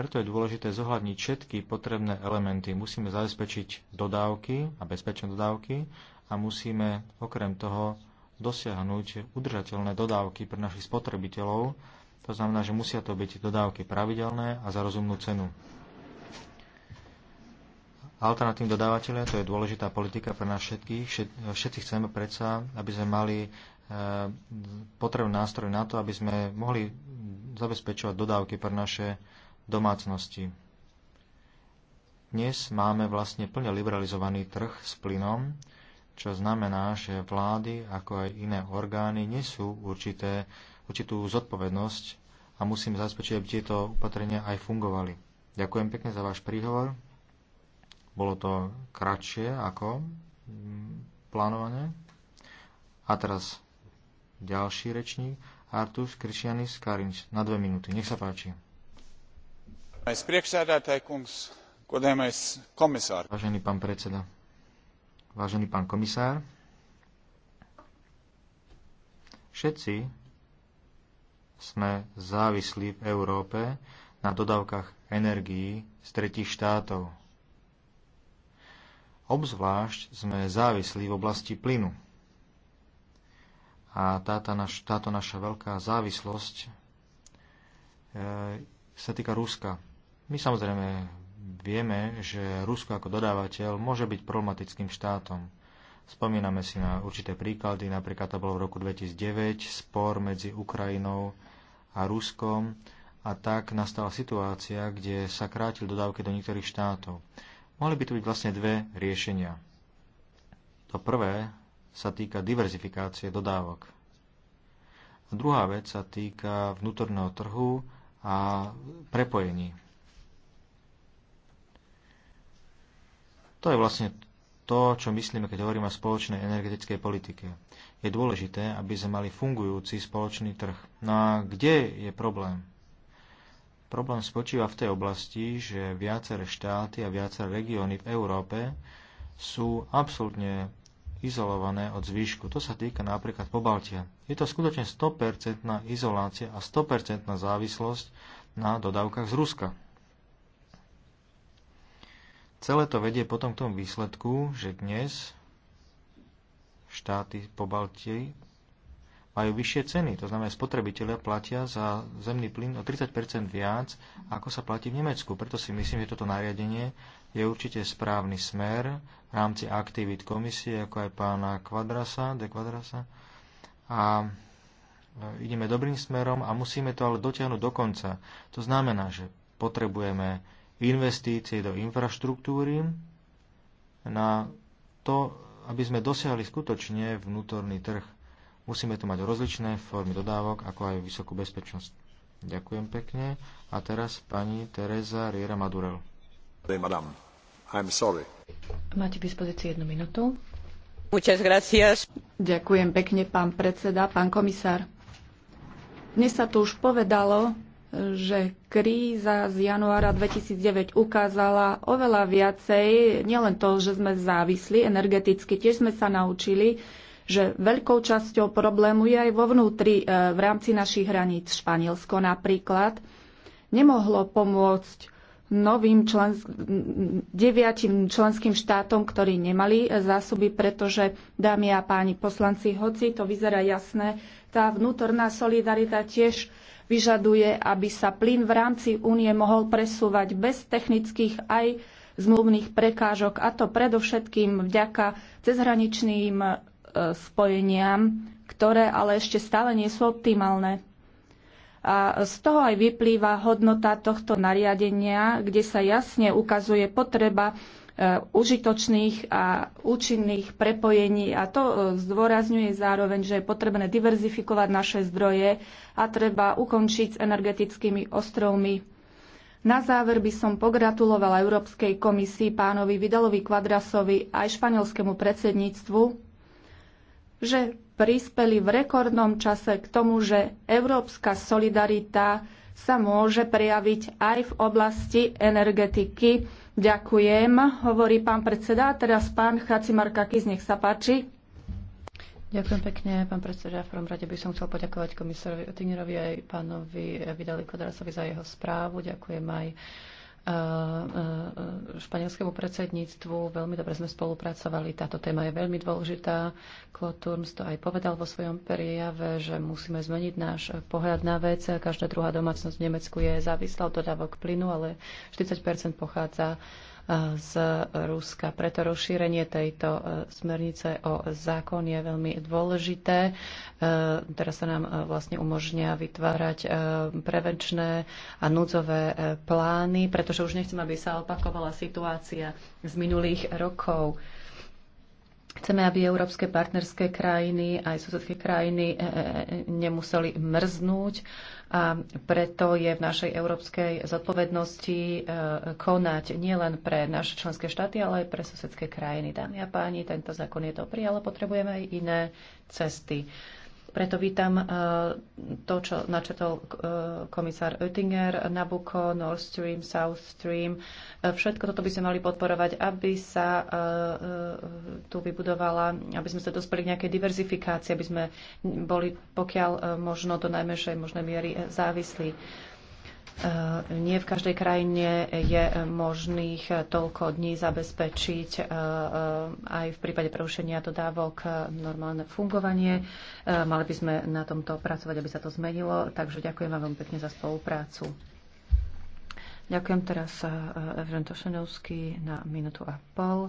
Preto je dôležité zohľadniť všetky potrebné elementy. Musíme zabezpečiť dodávky a bezpečné dodávky a musíme okrem toho dosiahnuť udržateľné dodávky pre našich spotrebiteľov. To znamená, že musia to byť dodávky pravidelné a za rozumnú cenu. Alternatívne dodávateľe, to je dôležitá politika pre nás všetkých. Všetci chceme predsa, aby sme mali e, potrebný nástroj na to, aby sme mohli zabezpečovať dodávky pre naše domácnosti. Dnes máme vlastne plne liberalizovaný trh s plynom, čo znamená, že vlády ako aj iné orgány nesú určité, určitú zodpovednosť a musím zabezpečiť, aby tieto opatrenia aj fungovali. Ďakujem pekne za váš príhovor. Bolo to kratšie ako mm, plánované. A teraz ďalší rečník, Artus Krišianis Karinč, na dve minúty. Nech sa páči. Vážený pán predseda, vážený pán komisár, všetci sme závislí v Európe na dodávkach energií z tretích štátov. Obzvlášť sme závislí v oblasti plynu. A táto, naš, táto naša veľká závislosť e, sa týka Ruska. My samozrejme vieme, že Rusko ako dodávateľ môže byť problematickým štátom. Spomíname si na určité príklady, napríklad to bolo v roku 2009 spor medzi Ukrajinou a Ruskom a tak nastala situácia, kde sa krátil dodávky do niektorých štátov. Mohli by tu byť vlastne dve riešenia. To prvé sa týka diverzifikácie dodávok. A druhá vec sa týka vnútorného trhu a prepojení To je vlastne to, čo myslíme, keď hovoríme o spoločnej energetickej politike. Je dôležité, aby sme mali fungujúci spoločný trh. No a kde je problém? Problém spočíva v tej oblasti, že viaceré štáty a viaceré regióny v Európe sú absolútne izolované od zvýšku. To sa týka napríklad Pobaltia. Je to skutočne 100% izolácia a 100% závislosť na dodávkach z Ruska. Celé to vedie potom k tomu výsledku, že dnes štáty po Baltii majú vyššie ceny. To znamená, spotrebitelia platia za zemný plyn o 30 viac, ako sa platí v Nemecku. Preto si myslím, že toto nariadenie je určite správny smer v rámci aktivít komisie, ako aj pána Kvadrasa, de Kvadrasa. A e, ideme dobrým smerom a musíme to ale dotiahnuť do konca. To znamená, že potrebujeme investície do infraštruktúry na to, aby sme dosiahli skutočne vnútorný trh. Musíme tu mať rozličné formy dodávok, ako aj vysokú bezpečnosť. Ďakujem pekne. A teraz pani Teresa Riera Madurel. Madame, I'm sorry. Máte k dispozícii jednu minútu. Muchas gracias. Ďakujem pekne, pán predseda, pán komisár. Dnes sa tu už povedalo, že kríza z januára 2009 ukázala oveľa viacej, nielen to, že sme závisli energeticky, tiež sme sa naučili, že veľkou časťou problému je aj vo vnútri, e, v rámci našich hraníc. Španielsko napríklad nemohlo pomôcť novým člens- deviatim členským štátom, ktorí nemali e, zásoby, pretože, dámy a páni poslanci, hoci to vyzerá jasné, tá vnútorná solidarita tiež vyžaduje, aby sa plyn v rámci únie mohol presúvať bez technických aj zmluvných prekážok, a to predovšetkým vďaka cezhraničným e, spojeniam, ktoré ale ešte stále nie sú optimálne. A z toho aj vyplýva hodnota tohto nariadenia, kde sa jasne ukazuje potreba Eh, užitočných a účinných prepojení a to eh, zdôrazňuje zároveň, že je potrebné diverzifikovať naše zdroje a treba ukončiť s energetickými ostrovmi. Na záver by som pogratulovala Európskej komisii pánovi Vidalovi Kvadrasovi aj španielskému predsedníctvu, že prispeli v rekordnom čase k tomu, že európska solidarita sa môže prejaviť aj v oblasti energetiky Ďakujem, hovorí pán predseda. Teraz pán Chacimarkakis, nech sa páči. Ďakujem pekne, pán predseda. V prvom rade by som chcel poďakovať komisárovi Otingerovi aj pánovi Vidali Kodrasovi za jeho správu. Ďakujem aj španielskému predsedníctvu. Veľmi dobre sme spolupracovali. Táto téma je veľmi dôležitá. Claude Turms to aj povedal vo svojom prejave, že musíme zmeniť náš pohľad na vec. Každá druhá domácnosť v Nemecku je závislá od dodávok plynu, ale 40 pochádza z Ruska. Preto rozšírenie tejto e, smernice o zákon je veľmi dôležité. E, teraz sa nám e, vlastne umožňa vytvárať prevenčné a núdzové plány, pretože už nechcem, aby sa opakovala situácia z minulých rokov Chceme, aby európske partnerské krajiny aj susedské krajiny e, e, e, nemuseli mrznúť a preto je v našej európskej zodpovednosti konať nielen pre naše členské štáty, ale aj pre susedské krajiny. Dámy a páni, tento zákon je dobrý, ale potrebujeme aj iné cesty. Preto vítam e, to, čo načetol e, komisár Oettinger, Nabucco, Nord Stream, South Stream. E, všetko toto by sme mali podporovať, aby sa tu vybudovala, aby sme sa dospeli k nejakej diverzifikácii, aby sme boli pokiaľ možno do najmenšej možnej miery závislí. E, nie v každej krajine je možných toľko dní zabezpečiť e, e, aj v prípade prerušenia dodávok normálne fungovanie. Mali by sme na tomto pracovať, aby sa to zmenilo. Takže ďakujem vám veľmi pekne za spoluprácu. Ďakujem teraz Evren Tošenovský na minútu a pol.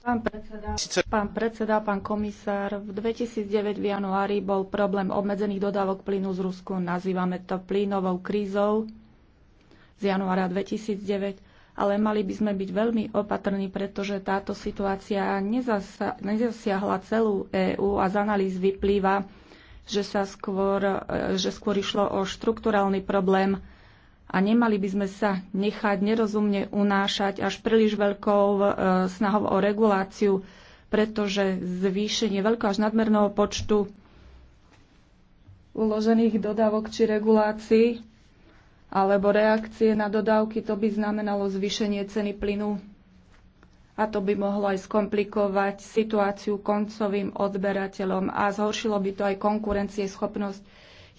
Pán predseda, pán predseda, pán komisár, v 2009 v januári bol problém obmedzených dodávok plynu z Rusku. Nazývame to plynovou krízou z januára 2009, ale mali by sme byť veľmi opatrní, pretože táto situácia nezasa, nezasiahla celú EÚ a z analýz vyplýva, že, sa skôr, že skôr išlo o štrukturálny problém a nemali by sme sa nechať nerozumne unášať až príliš veľkou e, snahou o reguláciu, pretože zvýšenie veľkého až nadmerného počtu uložených dodávok či regulácií alebo reakcie na dodávky, to by znamenalo zvýšenie ceny plynu a to by mohlo aj skomplikovať situáciu koncovým odberateľom a zhoršilo by to aj konkurencieschopnosť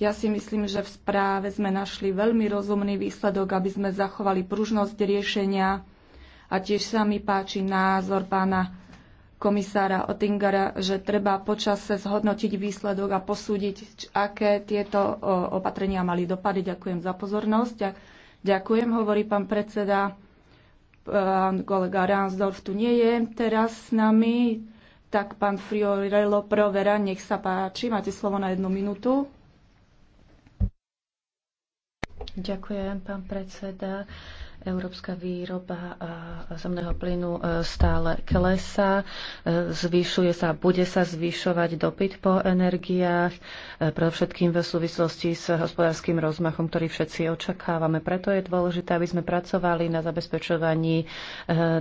ja si myslím, že v správe sme našli veľmi rozumný výsledok, aby sme zachovali pružnosť riešenia a tiež sa mi páči názor pána komisára Otingara, že treba počase zhodnotiť výsledok a posúdiť, aké tieto opatrenia mali dopady. Ďakujem za pozornosť. Ďakujem, hovorí pán predseda. Pán kolega Ransdorf tu nie je teraz s nami. Tak pán Friorello Provera, nech sa páči, máte slovo na jednu minútu. Ďakujem, pán predseda. Európska výroba zemného plynu e, stále klesá, e, zvyšuje sa a bude sa zvyšovať dopyt po energiách, e, pre všetkým v súvislosti s hospodárským rozmachom, ktorý všetci očakávame. Preto je dôležité, aby sme pracovali na zabezpečovaní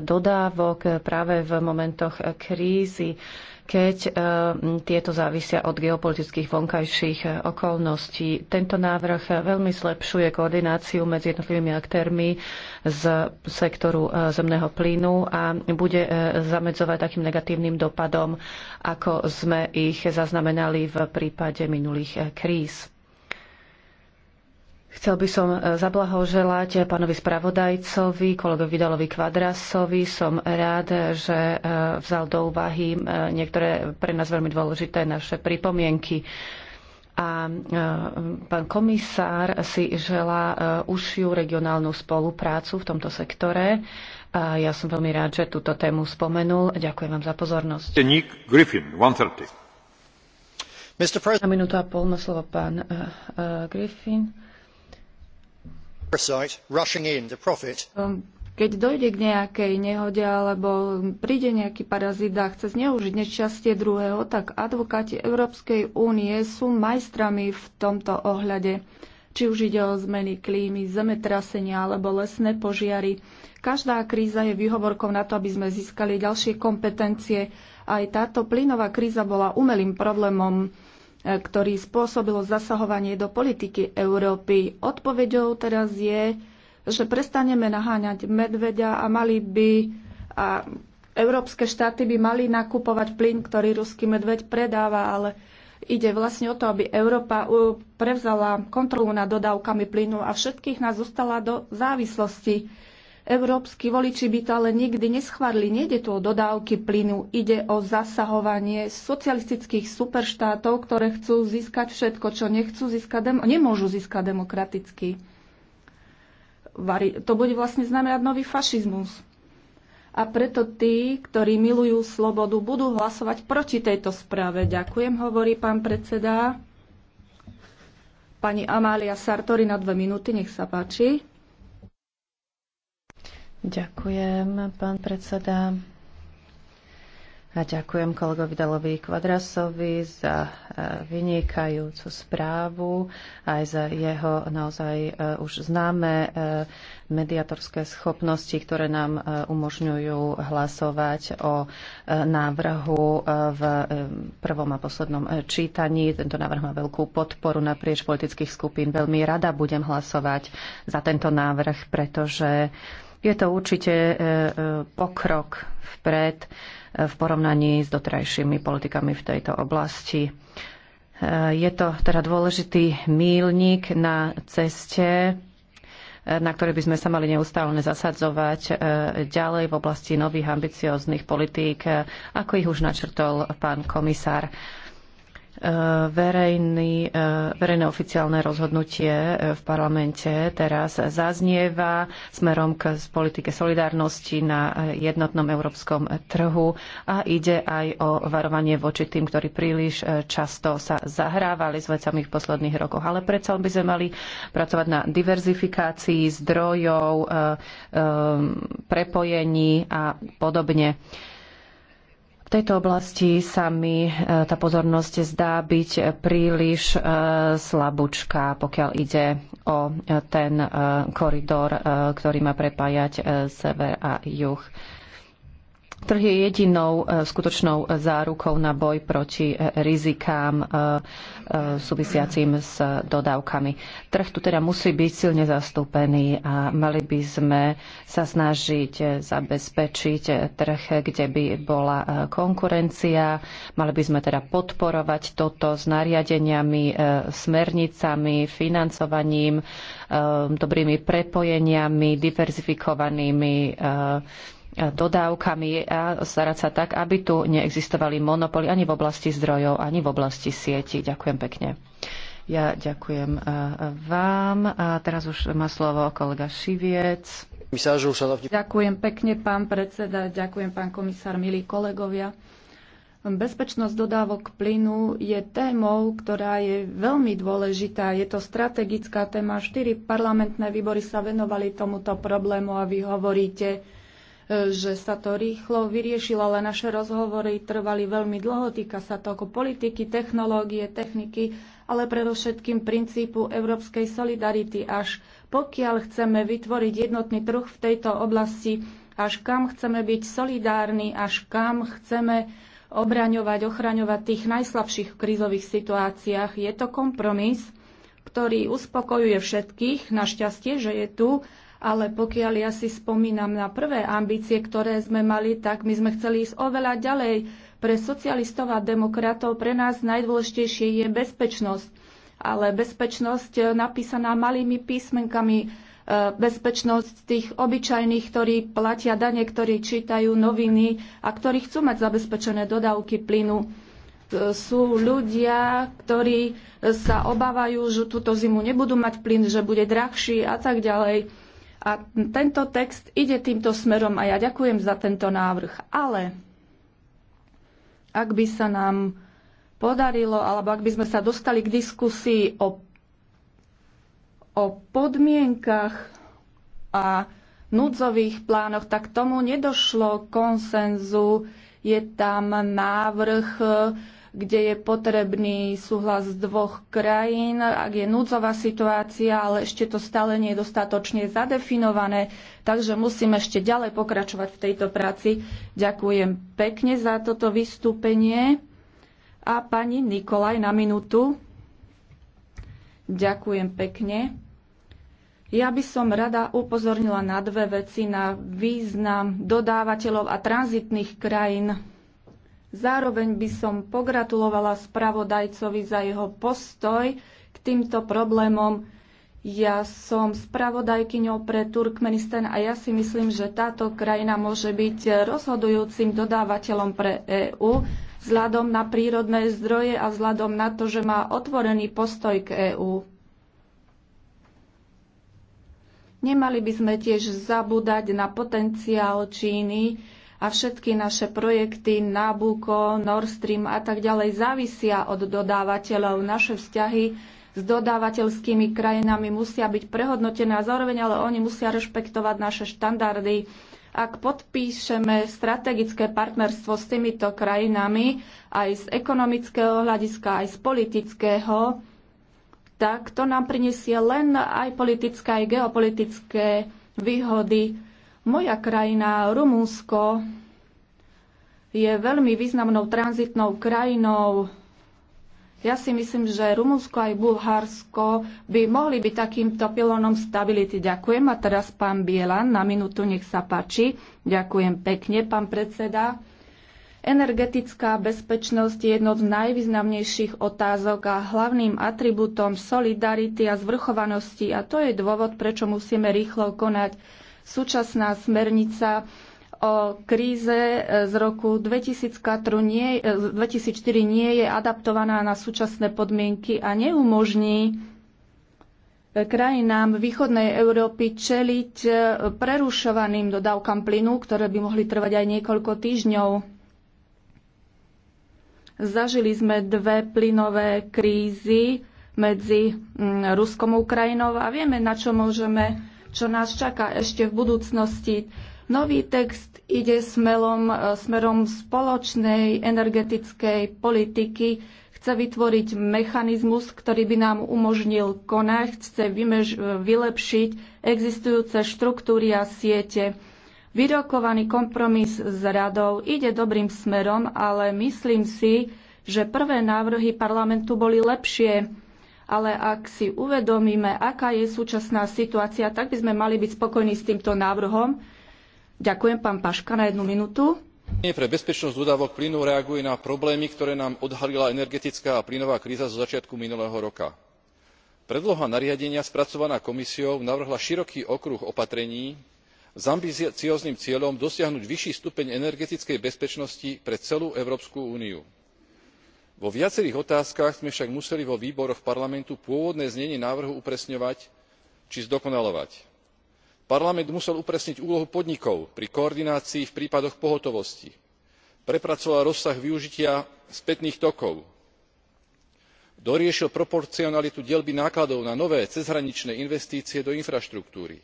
dodávok práve v momentoch krízy keď e, tieto závisia od geopolitických vonkajších e, okolností. Tento návrh e, veľmi zlepšuje koordináciu medzi jednotlivými aktérmi z sektoru zemného plynu a bude zamedzovať takým negatívnym dopadom, ako sme ich zaznamenali v prípade minulých kríz. Chcel by som e, zablahoželať pánovi spravodajcovi, kolegovi Vidalovi Kvadrasovi. Som rád, že e, vzal do úvahy e, niektoré pre nás veľmi dôležité naše pripomienky. A pán komisár si želá užšiu regionálnu spoluprácu v tomto sektore. A ja som veľmi rád, že túto tému spomenul. Ďakujem vám za pozornosť. Nick Griffin, 130. Na minútu a pol na slovo pán Griffin. Um, keď dojde k nejakej nehode alebo príde nejaký parazit a chce zneužiť nešťastie druhého, tak advokáti Európskej únie sú majstrami v tomto ohľade. Či už ide o zmeny klímy, zemetrasenia alebo lesné požiary. Každá kríza je výhovorkou na to, aby sme získali ďalšie kompetencie. Aj táto plynová kríza bola umelým problémom E, ktorý spôsobilo zasahovanie do politiky Európy. Odpovedou teraz je, že prestaneme naháňať medveďa a mali by a európske štáty by mali nakupovať plyn, ktorý ruský medveď predáva, ale ide vlastne o to, aby Európa prevzala kontrolu nad dodávkami plynu a všetkých nás zostala do závislosti. Európsky voliči by to ale nikdy neschvárli. Nejde tu o dodávky plynu, ide o zasahovanie socialistických superštátov, ktoré chcú získať všetko, čo nechcú získať, nemôžu získať demokraticky. To bude vlastne znamenáť nový fašizmus. A preto tí, ktorí milujú slobodu, budú hlasovať proti tejto správe. Ďakujem, hovorí pán predseda. Pani Amália Sartori na dve minúty, nech sa páči. Ďakujem, pán predseda. A ďakujem kolegovi Dalovi Kvadrasovi za e, vynikajúcu správu, aj za jeho naozaj e, už známe e, mediatorské schopnosti, ktoré nám umožňujú hlasovať o návrhu v prvom a poslednom čítaní. Tento návrh má veľkú podporu naprieč politických skupín. Veľmi rada budem hlasovať za tento návrh, pretože je to určite e, e, pokrok vpred e, v porovnaní s doterajšími politikami v tejto oblasti. Je to teda dôležitý mílnik na ceste na ktorej by sme sa mali neustále zasadzovať ďalej v oblasti nových ambicióznych politík, ako ich už načrtol pán komisár verejný, eh, verejné oficiálne rozhodnutie eh, v parlamente teraz zaznieva smerom k politike solidárnosti na eh, jednotnom európskom trhu a ide aj o varovanie voči tým, ktorí príliš často sa zahrávali s vecami v posledných rokoch. Ale predsa by sme mali pracovať na diverzifikácii zdrojov, prepojení a podobne. V tejto oblasti sa mi e, tá pozornosť zdá byť e, príliš e, slabúčka, pokiaľ ide o ten koridor, ktorý má prepájať sever a juh. Trh je jedinou e, skutočnou zárukou na boj proti e, rizikám e, súvisiacím s dodávkami. Trh tu teda musí byť silne zastúpený a mali by sme sa snažiť zabezpečiť trh, kde by bola konkurencia. Mali by sme teda podporovať toto s nariadeniami, smernicami, financovaním, dobrými prepojeniami, diverzifikovanými dodávkami a starať sa tak, aby tu neexistovali monopoly ani v oblasti zdrojov, ani v oblasti sieti. Ďakujem pekne. Ja ďakujem e, vám. A teraz už má slovo kolega Šiviec. Ďakujem pekne, pán predseda, ďakujem, pán komisár, milí kolegovia. Bezpečnosť dodávok plynu je témou, ktorá je veľmi dôležitá. Je to strategická téma. Štyri parlamentné výbory sa venovali tomuto problému a vy hovoríte, že sa to rýchlo vyriešilo, ale naše rozhovory trvali veľmi dlho. Týka sa to ako politiky, technológie, techniky, ale predovšetkým princípu európskej solidarity. Až pokiaľ chceme vytvoriť jednotný trh v tejto oblasti, až kam chceme byť solidárni, až kam chceme obraňovať, ochraňovať tých najslabších v krízových situáciách. Je to kompromis, ktorý uspokojuje všetkých. Našťastie, že je tu ale pokiaľ ja si spomínam na prvé ambície, ktoré sme mali, tak my sme chceli ísť oveľa ďalej. Pre socialistov a demokratov pre nás najdôležitejšie je bezpečnosť, ale bezpečnosť eh, napísaná malými písmenkami, eh, bezpečnosť tých obyčajných, ktorí platia dane, ktorí čítajú noviny a ktorí chcú mať zabezpečené dodávky plynu. Eh, sú ľudia, ktorí sa obávajú, že túto zimu nebudú mať plyn, že bude drahší a tak ďalej. A tento text ide týmto smerom a ja ďakujem za tento návrh. Ale ak by sa nám podarilo, alebo ak by sme sa dostali k diskusii o, o podmienkach a núdzových plánoch, tak tomu nedošlo konsenzu. Je tam návrh kde je potrebný súhlas dvoch krajín, ak je núdzová situácia, ale ešte to stále nie je dostatočne zadefinované, takže musíme ešte ďalej pokračovať v tejto práci. Ďakujem pekne za toto vystúpenie. A pani Nikolaj na minútu. Ďakujem pekne. Ja by som rada upozornila na dve veci, na význam dodávateľov a tranzitných krajín Zároveň by som pogratulovala spravodajcovi za jeho postoj k týmto problémom. Ja som spravodajkyňou pre Turkmenistan a ja si myslím, že táto krajina môže byť rozhodujúcim dodávateľom pre EÚ vzhľadom na prírodné zdroje a vzhľadom na to, že má otvorený postoj k EÚ. Nemali by sme tiež zabúdať na potenciál Číny, a všetky naše projekty Nabucco, Nord Stream a tak ďalej závisia od dodávateľov. Naše vzťahy s dodávateľskými krajinami musia byť prehodnotené a zároveň ale oni musia rešpektovať naše štandardy. Ak podpíšeme strategické partnerstvo s týmito krajinami aj z ekonomického hľadiska, aj z politického, tak to nám prinesie len aj politické, aj geopolitické výhody moja krajina, Rumúnsko, je veľmi významnou tranzitnou krajinou. Ja si myslím, že Rumunsko aj Bulharsko by mohli byť takýmto pilonom stability. Ďakujem. A teraz pán Bielan, na minútu nech sa páči. Ďakujem pekne, pán predseda. Energetická bezpečnosť je jednou z najvýznamnejších otázok a hlavným atribútom solidarity a zvrchovanosti a to je dôvod, prečo musíme rýchlo konať. Súčasná smernica o kríze z roku 2004 nie, 2004 nie je adaptovaná na súčasné podmienky a neumožní krajinám východnej Európy čeliť prerušovaným dodávkam plynu, ktoré by mohli trvať aj niekoľko týždňov. Zažili sme dve plynové krízy medzi mm, Ruskom a Ukrajinou a vieme, na čo môžeme čo nás čaká ešte v budúcnosti. Nový text ide smelom, e, smerom spoločnej energetickej politiky, chce vytvoriť mechanizmus, ktorý by nám umožnil konať, chce vymež- e, vylepšiť existujúce štruktúry a siete. Vyrokovaný kompromis s radou ide dobrým smerom, ale myslím si, že prvé návrhy parlamentu boli lepšie ale ak si uvedomíme, aká je súčasná situácia, tak by sme mali byť spokojní s týmto návrhom. Ďakujem, pán Paška, na jednu minútu. Pre bezpečnosť dodávok plynu reaguje na problémy, ktoré nám odhalila energetická a plynová kríza zo začiatku minulého roka. Predloha nariadenia spracovaná komisiou navrhla široký okruh opatrení, s ambicióznym cieľom dosiahnuť vyšší stupeň energetickej bezpečnosti pre celú európsku úniu vo viacerých otázkach sme však museli vo výboroch parlamentu pôvodné znenie návrhu upresňovať či zdokonaľovať. parlament musel upresniť úlohu podnikov pri koordinácii v prípadoch pohotovosti prepracoval rozsah využitia spätných tokov doriešil proporcionalitu deľby nákladov na nové cezhraničné investície do infraštruktúry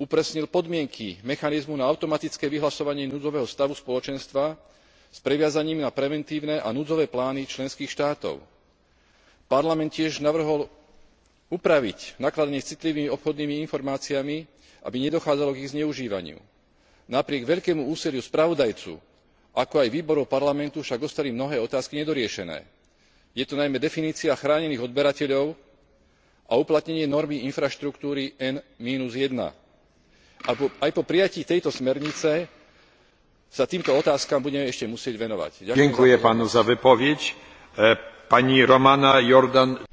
upresnil podmienky mechanizmu na automatické vyhlasovanie núdzového stavu spoločenstva s previazaním na preventívne a núdzové plány členských štátov. parlament tiež navrhol upraviť nakladanie s citlivými obchodnými informáciami aby nedochádzalo k ich zneužívaniu. napriek veľkému úsiliu spravodajcu ako aj výborov parlamentu však ostali mnohé otázky nedoriešené. je to najmä definícia chránených odberateľov a uplatnenie normy infraštruktúry n one. aj po prijatí tejto smernice sa týmto otázkam budeme ešte musieť venovať. E,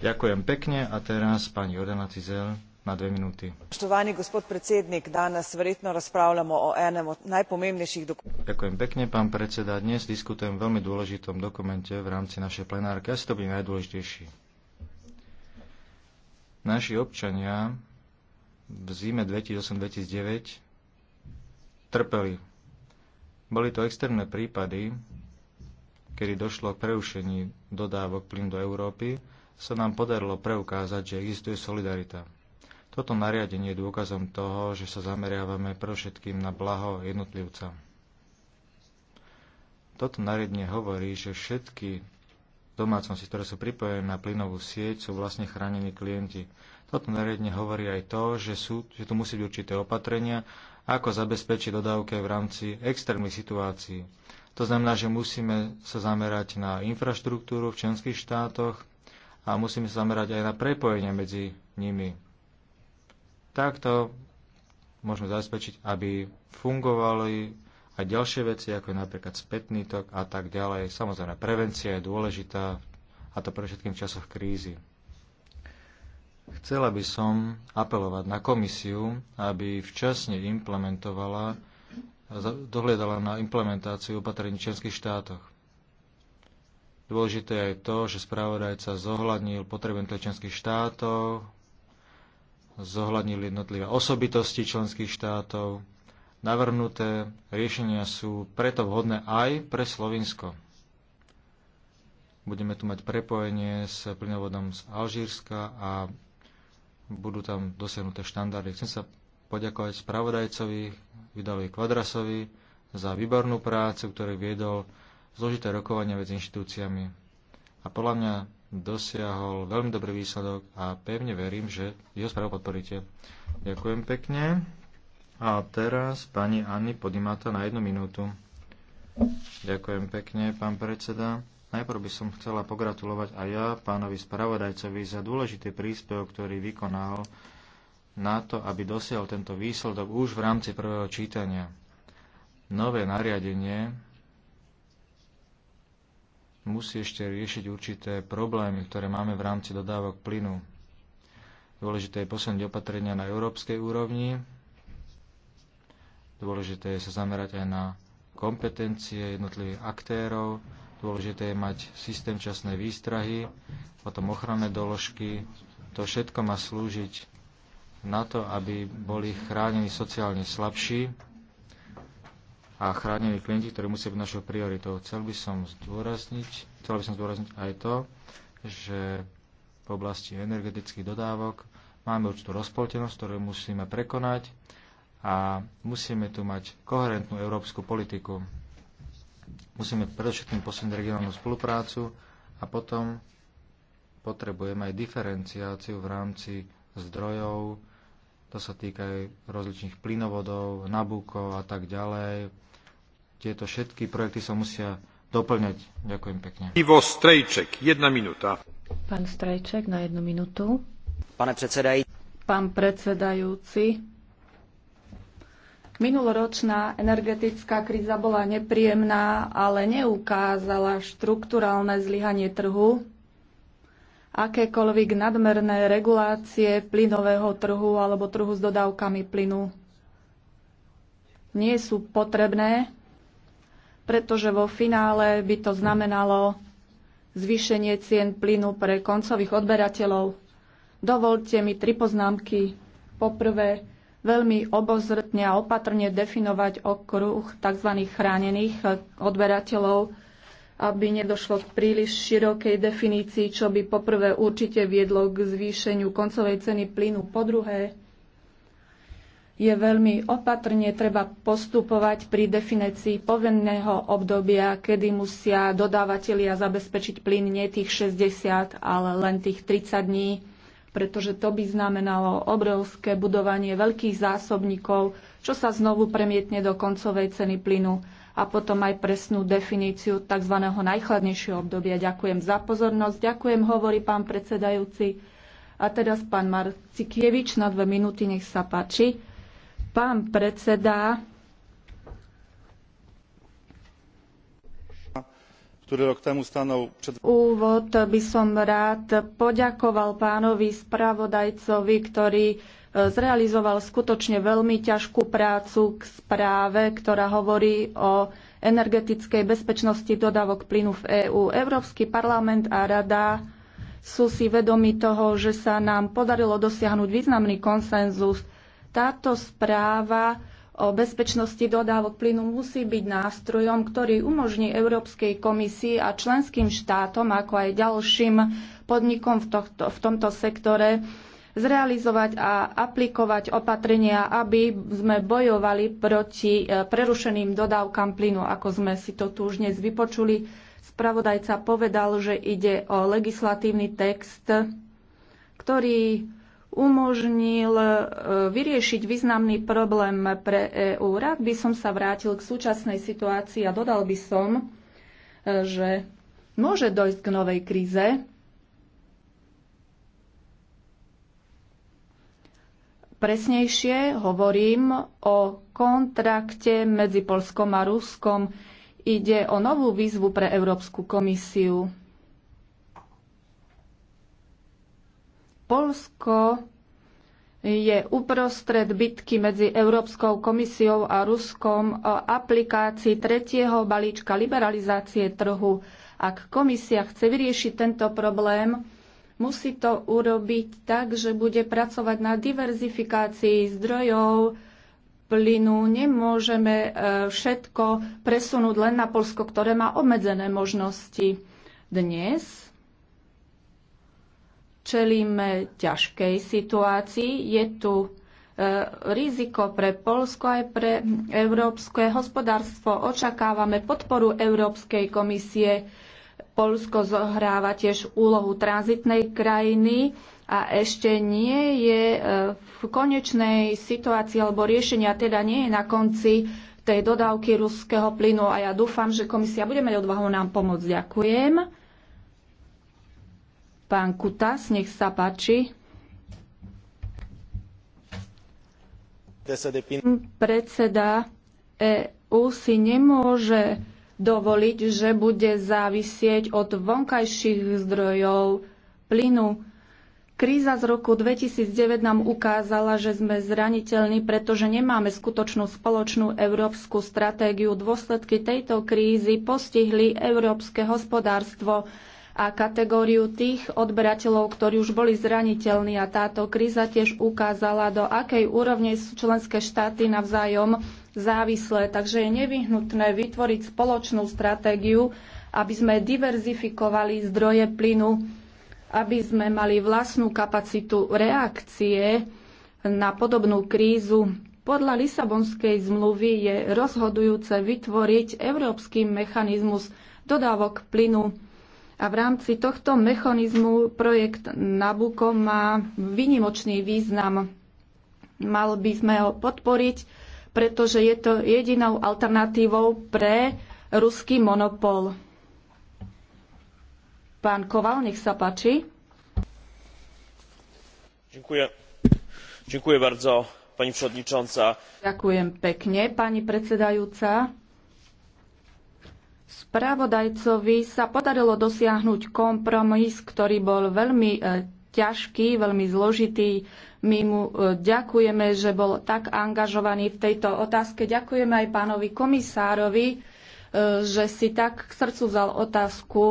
ďakujem pekne a teraz pani jordana cizel na dve minúty. spoštovani gospod predsednik danes verjetno razpravljamo o enem od najpomembnejších dokumentov. ďakujem pekne pán predseda dnes diskutujem o veľmi dôležitom dokumente v rámci našej plenárky asi to bude najdôležitejší. naši občania v zime 2008-2009 trpeli boli to externé prípady, kedy došlo k preušení dodávok plynu do Európy, sa nám podarilo preukázať, že existuje solidarita. Toto nariadenie je dôkazom toho, že sa zameriavame predovšetkým na blaho jednotlivca. Toto nariadenie hovorí, že všetky domácnosti, ktoré sú pripojené na plynovú sieť, sú vlastne chránení klienti. Toto nariadenie hovorí aj to, že, sú, že tu musí byť určité opatrenia, ako zabezpečiť dodávky v rámci extrémnych situácií. To znamená, že musíme sa zamerať na infraštruktúru v členských štátoch a musíme sa zamerať aj na prepojenie medzi nimi. Takto môžeme zabezpečiť, aby fungovali aj ďalšie veci, ako je napríklad spätný tok a tak ďalej. Samozrejme, prevencia je dôležitá a to pre všetkým v časoch krízy. Chcela by som apelovať na komisiu, aby včasne implementovala, dohliadala na implementáciu opatrení členských štátoch. Dôležité je to, že spravodajca zohľadnil potreby členských štátov, zohľadnil jednotlivé osobitosti členských štátov. Navrhnuté riešenia sú preto vhodné aj pre Slovinsko. Budeme tu mať prepojenie s plynovodom z Alžírska a budú tam dosiahnuté štandardy. Chcem sa poďakovať spravodajcovi Vidalovi Kvadrasovi za výbornú prácu, ktorý viedol zložité rokovania medzi inštitúciami. A podľa mňa dosiahol veľmi dobrý výsledok a pevne verím, že jeho správu podporíte. Ďakujem pekne. A teraz pani Anny Podimata na jednu minútu. Ďakujem pekne, pán predseda. Najprv by som chcela pogratulovať aj ja pánovi spravodajcovi za dôležitý príspevok, ktorý vykonal na to, aby dosiahol tento výsledok už v rámci prvého čítania. Nové nariadenie musí ešte riešiť určité problémy, ktoré máme v rámci dodávok plynu. Dôležité je posunúť opatrenia na európskej úrovni. Dôležité je sa zamerať aj na kompetencie jednotlivých aktérov, Dôležité je mať systém časnej výstrahy, potom ochranné doložky. To všetko má slúžiť na to, aby boli chránení sociálne slabší a chránení klienti, ktorí musia byť našou prioritou. Chcel by som zdôrazniť, chcel by som zdôrazniť aj to, že v oblasti energetických dodávok máme určitú rozpoltenosť, ktorú musíme prekonať a musíme tu mať koherentnú európsku politiku musíme predovšetkým posunúť regionálnu spoluprácu a potom potrebujeme aj diferenciáciu v rámci zdrojov, to sa týka aj rozličných plynovodov, Nabúko a tak ďalej. Tieto všetky projekty sa musia doplňať. Ďakujem pekne. Ivo Strejček, jedna minúta. Pán Strejček na jednu minútu. Pane predsedaj. Pán predsedajúci, Minuloročná energetická kríza bola nepríjemná, ale neukázala štrukturálne zlyhanie trhu, akékoľvek nadmerné regulácie plynového trhu alebo trhu s dodávkami plynu nie sú potrebné, pretože vo finále by to znamenalo zvýšenie cien plynu pre koncových odberateľov. Dovolte mi tri poznámky. Poprvé, veľmi obozretne a opatrne definovať okruh tzv. chránených odberateľov, aby nedošlo k príliš širokej definícii, čo by poprvé určite viedlo k zvýšeniu koncovej ceny plynu. Po druhé, je veľmi opatrne treba postupovať pri definícii povinného obdobia, kedy musia dodávateľia zabezpečiť plyn nie tých 60, ale len tých 30 dní pretože to by znamenalo obrovské budovanie veľkých zásobníkov, čo sa znovu premietne do koncovej ceny plynu a potom aj presnú definíciu tzv. najchladnejšieho obdobia. Ďakujem za pozornosť, ďakujem, hovorí pán predsedajúci. A teraz pán Marcikievič na dve minúty, nech sa páči. Pán predseda, ktorý rok temu stanov pred... Úvod by som rád poďakoval pánovi spravodajcovi, ktorý e, zrealizoval skutočne veľmi ťažkú prácu k správe, ktorá hovorí o energetickej bezpečnosti dodávok plynu v EÚ. Európsky parlament a rada sú si vedomi toho, že sa nám podarilo dosiahnuť významný konsenzus. Táto správa o bezpečnosti dodávok plynu musí byť nástrojom, ktorý umožní Európskej komisii a členským štátom, ako aj ďalším podnikom v, tohto, v tomto sektore, zrealizovať a aplikovať opatrenia, aby sme bojovali proti e, prerušeným dodávkam plynu, ako sme si to tu už dnes vypočuli. Spravodajca povedal, že ide o legislatívny text, ktorý umožnil e, vyriešiť významný problém pre EÚ. Rád by som sa vrátil k súčasnej situácii a dodal by som, e, že môže dojsť k novej kríze. Presnejšie hovorím o kontrakte medzi Polskom a Ruskom. Ide o novú výzvu pre Európsku komisiu. Polsko je uprostred bitky medzi Európskou komisiou a Ruskom o aplikácii tretieho balíčka liberalizácie trhu. Ak komisia chce vyriešiť tento problém, musí to urobiť tak, že bude pracovať na diverzifikácii zdrojov plynu. Nemôžeme e, všetko presunúť len na Polsko, ktoré má obmedzené možnosti. Dnes čelíme ťažkej situácii. Je tu e, riziko pre Polsko aj pre európske hospodárstvo. Očakávame podporu Európskej komisie. Polsko zohráva tiež úlohu tranzitnej krajiny a ešte nie je e, v konečnej situácii alebo riešenia, teda nie je na konci tej dodávky ruského plynu a ja dúfam, že komisia bude mať odvahu nám pomôcť. Ďakujem. Pán Kutas, nech sa páči. Predseda EÚ si nemôže dovoliť, že bude závisieť od vonkajších zdrojov plynu. Kríza z roku 2009 nám ukázala, že sme zraniteľní, pretože nemáme skutočnú spoločnú európsku stratégiu. Dôsledky tejto krízy postihli európske hospodárstvo a kategóriu tých odberateľov, ktorí už boli zraniteľní. A táto kríza tiež ukázala, do akej úrovne sú členské štáty navzájom závislé. Takže je nevyhnutné vytvoriť spoločnú stratégiu, aby sme diverzifikovali zdroje plynu, aby sme mali vlastnú kapacitu reakcie na podobnú krízu. Podľa Lisabonskej zmluvy je rozhodujúce vytvoriť európsky mechanizmus dodávok plynu a v rámci tohto mechanizmu projekt Nabuko má vynimočný význam. Mal by sme ho podporiť, pretože je to jedinou alternatívou pre ruský monopol. Pán Koval, nech sa páči. Ďakujem. Ďakujem bardzo, pani przewodnicząca. Ďakujem pekne, pani predsedajúca. Spravodajcovi sa podarilo dosiahnuť kompromis, ktorý bol veľmi e, ťažký, veľmi zložitý. My mu e, ďakujeme, že bol tak angažovaný v tejto otázke. Ďakujeme aj pánovi komisárovi, e, že si tak k srdcu vzal otázku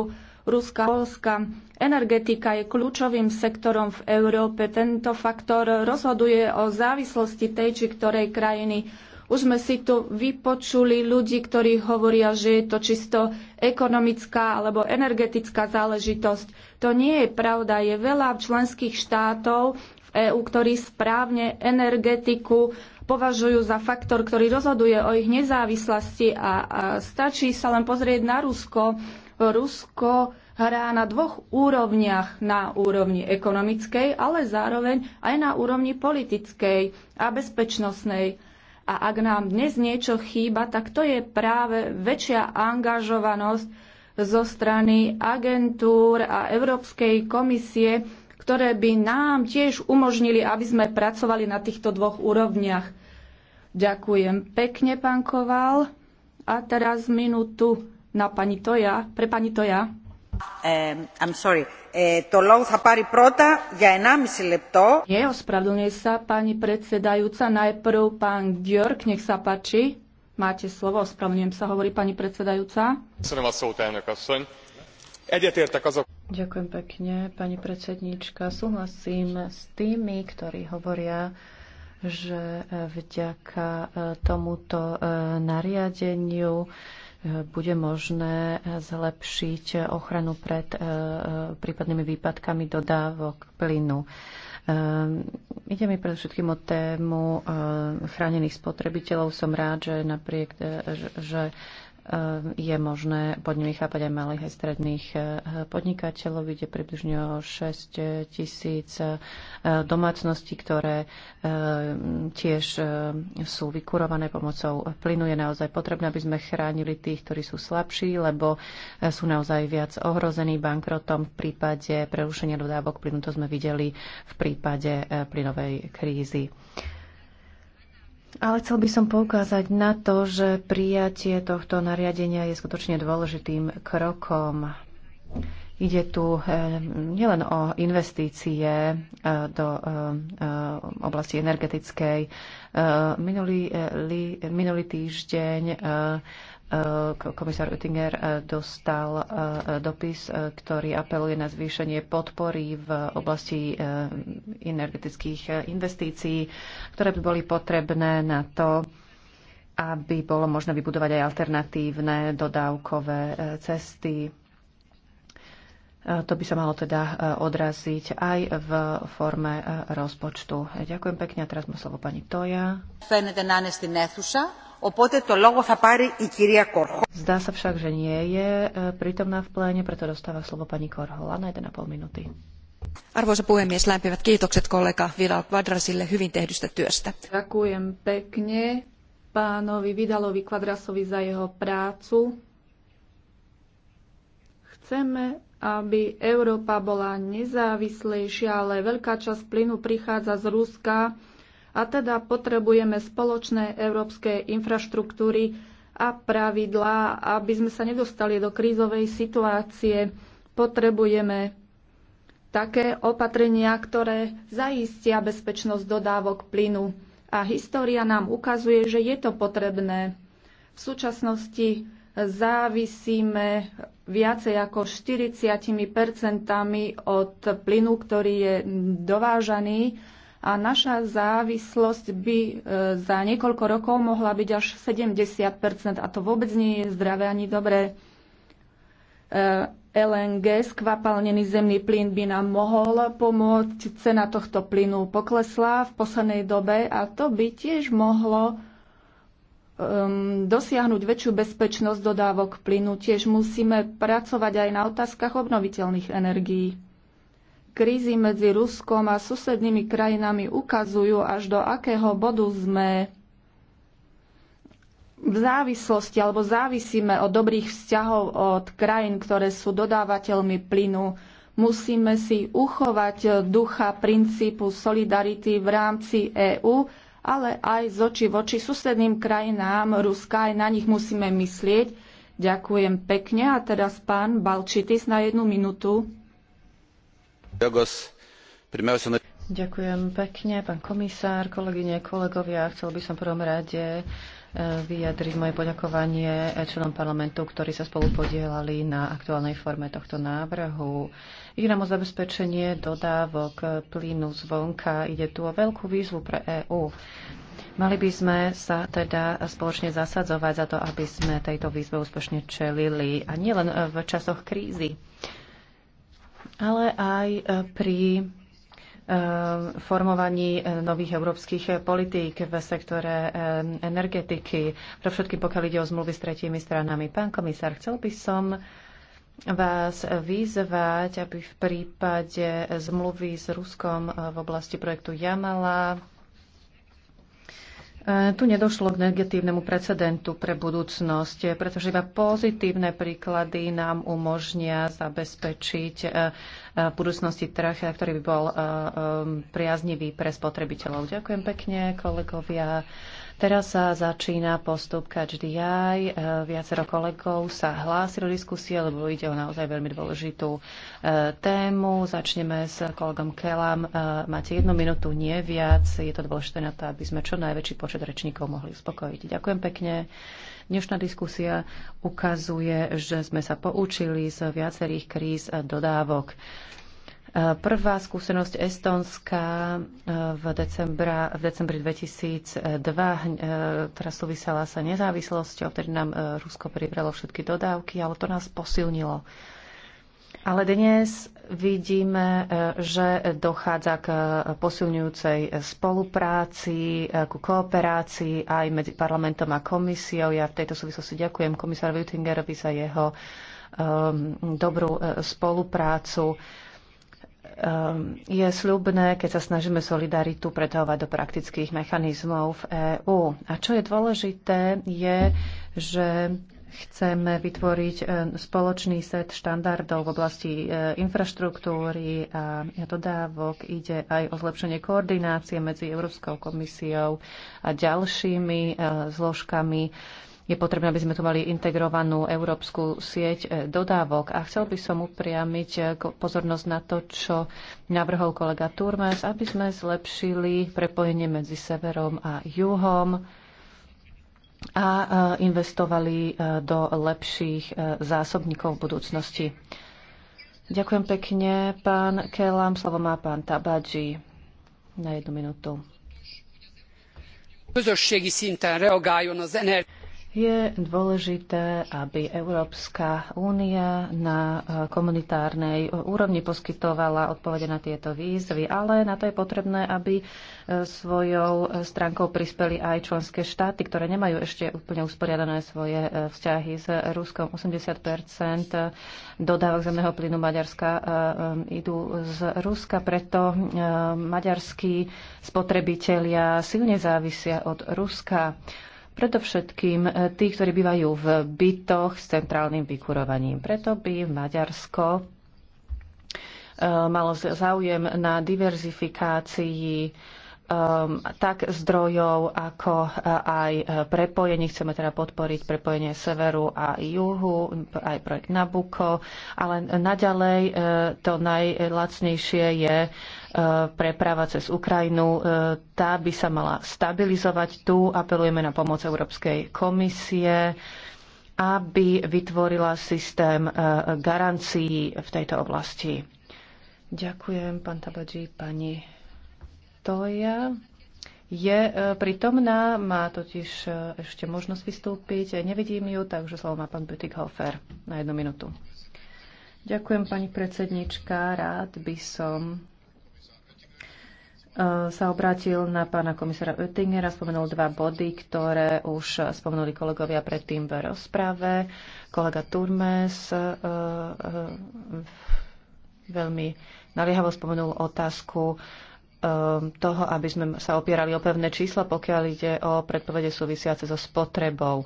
Ruska, Polska. Energetika je kľúčovým sektorom v Európe. Tento faktor rozhoduje o závislosti tej či ktorej krajiny už sme si tu vypočuli ľudí, ktorí hovoria, že je to čisto ekonomická alebo energetická záležitosť. To nie je pravda. Je veľa členských štátov v EÚ, ktorí správne energetiku považujú za faktor, ktorý rozhoduje o ich nezávislosti a, a stačí sa len pozrieť na Rusko. Rusko hrá na dvoch úrovniach. Na úrovni ekonomickej, ale zároveň aj na úrovni politickej a bezpečnostnej. A ak nám dnes niečo chýba, tak to je práve väčšia angažovanosť zo strany agentúr a Európskej komisie, ktoré by nám tiež umožnili, aby sme pracovali na týchto dvoch úrovniach. Ďakujem pekne, pán Koval. A teraz minútu na pani Toja, pre pani Toja. Um, I'm sorry. Je, eh, ospravedlňuje sa pani predsedajúca. Najprv pán Györk, nech sa páči. Máte slovo, ospravedlňujem sa, hovorí pani predsedajúca. Ďakujem pekne, pani predsedníčka. Súhlasím s tými, ktorí hovoria, že eh, vďaka eh, tomuto nariadeniu bude možné zlepšiť ochranu pred e, e, prípadnými výpadkami dodávok plynu. E, ide mi predovšetkým o tému chránených spotrebiteľov. Som rád, že napriek, že Eh, je možné pod nimi chápať aj malých aj stredných eh, podnikateľov. Ide približne o 6 tisíc eh, domácností, ktoré tiež sú vykurované pomocou plynu. Je naozaj potrebné, aby sme chránili tých, ktorí sú slabší, lebo sú naozaj viac ohrození bankrotom v prípade prerušenia dodávok plynu. To sme videli v prípade plynovej krízy. Ale chcel by som poukázať na to, že prijatie tohto nariadenia je skutočne dôležitým krokom. Ide tu eh, nielen o investície eh, do eh, oblasti energetickej. Minulý, minulý týždeň komisár Oettinger eh, dostal eh, dopis, eh, ktorý apeluje na zvýšenie podpory v oblasti energetických investícií, ktoré by boli potrebné na to, aby bolo možné vybudovať aj alternatívne dodávkové cesty to by sa malo teda e, odraziť aj v forme e, rozpočtu. E, ďakujem pekne a teraz má slovo pani Toja. Zdá sa však, že nie je prítomná v pléne, preto dostáva slovo pani Korhola na 1,5 minúty. Arvoisa puhemies, lämpimät kiitokset kollega Vidal Quadrasille hyvin tehdystä työstä. Ďakujem pekne pánovi Vidalovi Quadrasovi za jeho prácu. Chceme aby Európa bola nezávislejšia, ale veľká časť plynu prichádza z Ruska a teda potrebujeme spoločné európske infraštruktúry a pravidlá, aby sme sa nedostali do krízovej situácie. Potrebujeme také opatrenia, ktoré zaistia bezpečnosť dodávok plynu. A história nám ukazuje, že je to potrebné. V súčasnosti závisíme viacej ako 40 od plynu, ktorý je dovážaný a naša závislosť by e, za niekoľko rokov mohla byť až 70 a to vôbec nie je zdravé ani dobré. E, LNG, skvapalnený zemný plyn by nám mohol pomôcť. Cena tohto plynu poklesla v poslednej dobe a to by tiež mohlo um, dosiahnuť väčšiu bezpečnosť dodávok plynu, tiež musíme pracovať aj na otázkach obnoviteľných energií. Krízy medzi Ruskom a susednými krajinami ukazujú, až do akého bodu sme v závislosti alebo závisíme od dobrých vzťahov od krajín, ktoré sú dodávateľmi plynu. Musíme si uchovať ducha princípu solidarity v rámci EÚ ale aj z oči voči susedným krajinám Ruska, aj na nich musíme myslieť. Ďakujem pekne. A teraz pán Balčitis na jednu minútu. Ďakujem pekne, pán komisár, kolegyne, kolegovia. Chcel by som prvom rade vyjadriť moje poďakovanie členom parlamentu, ktorí sa spolu podielali na aktuálnej forme tohto návrhu. Ide nám o zabezpečenie dodávok plynu zvonka. Ide tu o veľkú výzvu pre EÚ. Mali by sme sa teda spoločne zasadzovať za to, aby sme tejto výzve úspešne čelili. A nielen v časoch krízy, ale aj pri Eh, formovaní eh, nových európskych politík v sektore eh, energetiky, pre všetky pokiaľ ide o zmluvy s tretími stranami. Pán komisár, chcel by som vás vyzvať, aby v prípade zmluvy s Ruskom v oblasti projektu Jamala E, tu nedošlo k negatívnemu precedentu pre budúcnosť, pretože iba pozitívne príklady nám umožnia zabezpečiť e, e, v budúcnosti trh, ktorý by bol priaznivý pre spotrebiteľov. Ďakujem pekne, kolegovia. Teraz sa začína postup KHDI. E, viacero kolegov sa hlási do diskusie, lebo ide o naozaj veľmi dôležitú e, tému. Začneme s kolegom Kelam. E, máte jednu minútu, nie viac. Je to dôležité na to, aby sme čo najväčší počet rečníkov mohli uspokojiť. Ďakujem pekne. Dnešná diskusia ukazuje, že sme sa poučili z viacerých kríz dodávok. Prvá skúsenosť Estonska eh, v, decembra, v decembri 2002 eh, teraz súvisela sa nezávislosťou, vtedy nám eh, Rusko privrelo všetky dodávky, ale to nás posilnilo. Ale dnes vidíme, že dochádza k posilňujúcej spolupráci, ku kooperácii aj medzi parlamentom a komisiou. Ja v tejto súvislosti ďakujem komisárovi Utingerovi za jeho um, dobrú spoluprácu. Uh, Ehm, je sľubné, keď sa snažíme solidaritu pretávať do praktických mechanizmov v EÚ. A čo je dôležité, je, že chceme vytvoriť e, spoločný set štandardov v oblasti e, infraštruktúry a dodávok. Ide aj o zlepšenie koordinácie medzi Európskou komisiou a ďalšími e, zložkami je potrebné, aby sme tu mali integrovanú európsku sieť eh, dodávok. A chcel by som upriamiť eh, pozornosť na to, čo navrhol kolega Turmes, aby sme zlepšili prepojenie medzi severom a juhom a eh, investovali do lepších zásobníkov v budúcnosti. Ďakujem pekne, pán Kelam. Slovo má pán Tabadži na jednu minútu. Közösségi szinten reagáljon az energia je dôležité, aby Európska únia na e, komunitárnej úrovni poskytovala odpovede na tieto výzvy, ale na to je potrebné, aby e, svojou stránkou prispeli aj členské štáty, ktoré nemajú ešte úplne usporiadané svoje e, vzťahy s Ruskom. 80 dodávok zemného plynu Maďarska idú z Ruska, preto maďarskí spotrebitelia silne závisia od Ruska predovšetkým e, tých, ktorí bývajú v bytoch s centrálnym vykurovaním. Preto by Maďarsko e, malo záujem na diverzifikácii e, tak zdrojov, ako aj prepojení. Chceme teda podporiť prepojenie severu a juhu, aj projekt Nabuko, ale naďalej to najlacnejšie je E, preprava cez Ukrajinu, e, tá by sa mala stabilizovať. Tu apelujeme na pomoc Európskej komisie, aby vytvorila systém e, garancií v tejto oblasti. Ďakujem, pán Tabadži, pani Toja. Je pritomná, má totiž ešte možnosť vystúpiť. Nevidím ju, takže slovo má pán Bütikhofer na jednu minútu. Ďakujem, pani predsednička. Rád by som E, sa obrátil na pána komisára Oettingera, spomenul dva body, ktoré už spomenuli kolegovia predtým v rozprave. Kolega Turmes e, e, veľmi naliehavo spomenul otázku toho, aby sme sa opierali o pevné čísla, pokiaľ ide o predpovede súvisiace so spotrebou.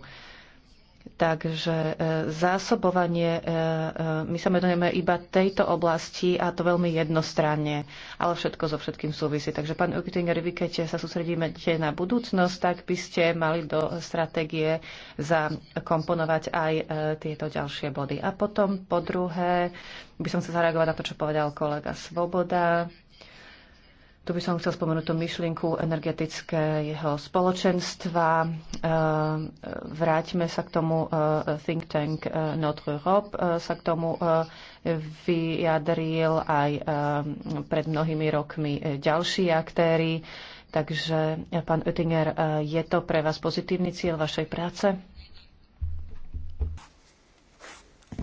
Takže e, zásobovanie, e, e, my sa venujeme iba tejto oblasti a to veľmi jednostranne, ale všetko so všetkým súvisí. Takže pán Ukitinger, vy keď sa sústredíme na budúcnosť, tak by ste mali do stratégie zakomponovať aj tieto ďalšie body. A potom po druhé by som sa zareagovať na to, čo povedal kolega Svoboda tu by som chcel spomenúť tú myšlienku energetického spoločenstva. E, vráťme sa k tomu e, think tank e, Notre Europe sa k tomu vyjadril aj pred mnohými rokmi ďalší aktéry. Takže, pán Oettinger, je to pre vás pozitívny cieľ vašej práce?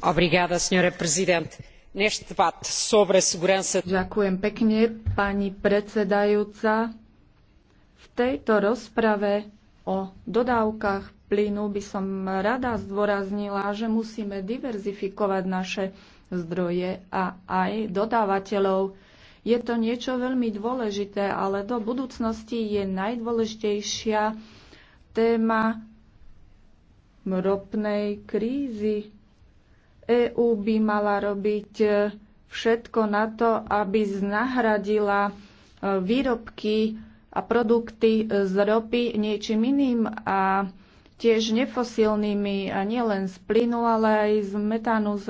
Obrigada, signore prezident. Ďakujem pekne, pani predsedajúca. V tejto rozprave o dodávkach plynu by som rada zdôraznila, že musíme diverzifikovať naše zdroje a aj dodávateľov. Je to niečo veľmi dôležité, ale do budúcnosti je najdôležitejšia téma ropnej krízy EÚ by mala robiť e, všetko na to, aby nahradila e, výrobky a produkty e, z ropy niečím iným a tiež nefosilnými a nielen z plynu, ale aj z metánu,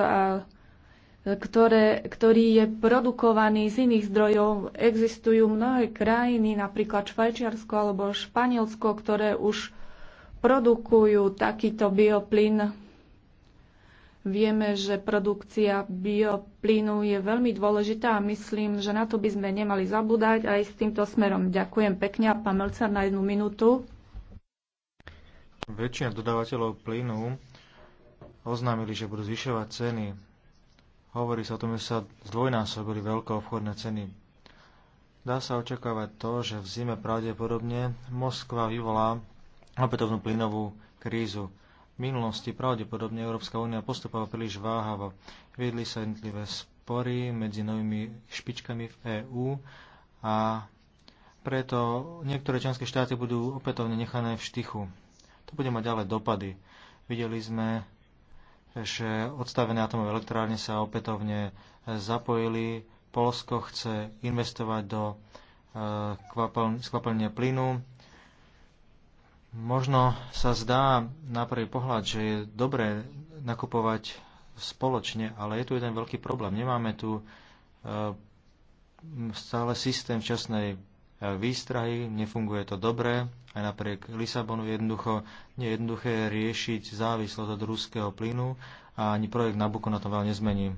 ktoré, ktorý je produkovaný z iných zdrojov. Existujú mnohé krajiny, napríklad Švajčiarsko alebo Španielsko, ktoré už produkujú takýto bioplyn Vieme, že produkcia bioplynu je veľmi dôležitá a myslím, že na to by sme nemali zabúdať aj s týmto smerom. Ďakujem pekne a pán Melcar na jednu minútu. Väčšina dodávateľov plynu oznámili, že budú zvyšovať ceny. Hovorí sa o tom, že sa zdvojnásobili veľké obchodné ceny. Dá sa očakávať to, že v zime pravdepodobne Moskva vyvolá opätovnú plynovú krízu minulosti pravdepodobne Európska únia postupovala príliš váhavo. Viedli sa jednotlivé spory medzi novými špičkami v EÚ a preto niektoré členské štáty budú opätovne nechané v štychu. To bude mať ďalej dopady. Videli sme, že odstavené atomové elektrárne sa opätovne zapojili. Polsko chce investovať do e, skvapelne plynu. Možno sa zdá na prvý pohľad, že je dobré nakupovať spoločne, ale je tu jeden veľký problém. Nemáme tu eh, stále systém včasnej eh, výstrahy, nefunguje to dobre, aj napriek Lisabonu jednoducho nie je jednoduché riešiť závislosť od ruského plynu a ani projekt Nabuko na to veľa nezmení.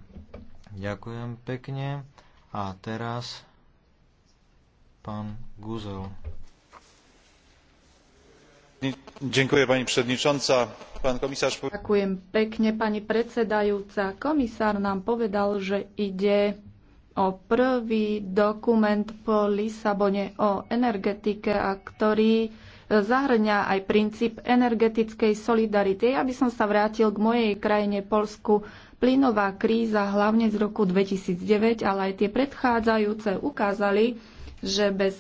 Ďakujem pekne. A teraz pán Guzel. Ďakujem pekne, pani predsedajúca. Komisár nám povedal, že ide o prvý dokument po Lisabone o energetike, a ktorý e, zahrňa aj princíp energetickej solidarity. Ja by som sa vrátil k mojej krajine Polsku. Plynová kríza, hlavne z roku 2009, ale aj tie predchádzajúce, ukázali, že bez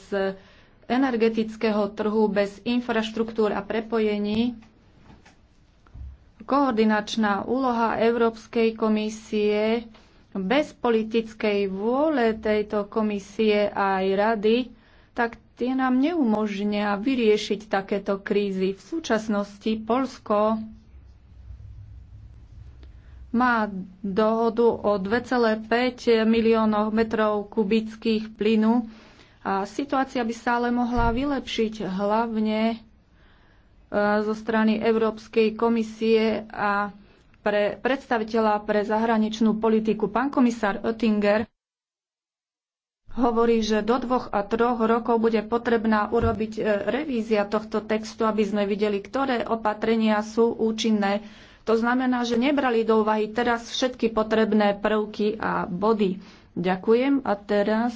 energetického trhu bez infraštruktúr a prepojení, koordinačná úloha Európskej komisie bez politickej vôle tejto komisie a aj rady, tak tie nám neumožnia vyriešiť takéto krízy. V súčasnosti Polsko má dohodu o 2,5 miliónov metrov kubických plynu a situácia by sa ale mohla vylepšiť hlavne e, zo strany Európskej komisie a pre predstaviteľa pre zahraničnú politiku. Pán komisár Oettinger hovorí, že do dvoch a troch rokov bude potrebná urobiť e, revízia tohto textu, aby sme videli, ktoré opatrenia sú účinné. To znamená, že nebrali do úvahy teraz všetky potrebné prvky a body. Ďakujem a teraz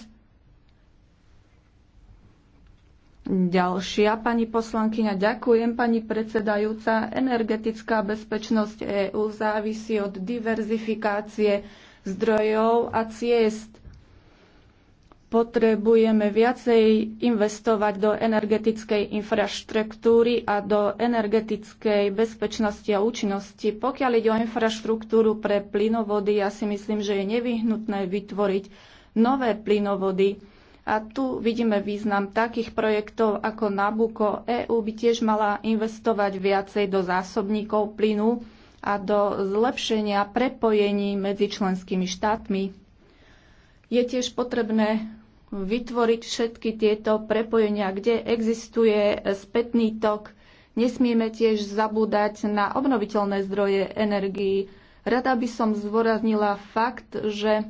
Ďalšia pani poslankyňa, ďakujem pani predsedajúca. Energetická bezpečnosť EÚ závisí od diverzifikácie zdrojov a ciest. Potrebujeme viacej investovať do energetickej infraštruktúry a do energetickej bezpečnosti a účinnosti. Pokiaľ ide o infraštruktúru pre plynovody, ja si myslím, že je nevyhnutné vytvoriť nové plynovody a tu vidíme význam takých projektov ako Nabuko. EÚ by tiež mala investovať viacej do zásobníkov plynu a do zlepšenia prepojení medzi členskými štátmi. Je tiež potrebné vytvoriť všetky tieto prepojenia, kde existuje spätný tok. Nesmieme tiež zabúdať na obnoviteľné zdroje energií. Rada by som zvoraznila fakt, že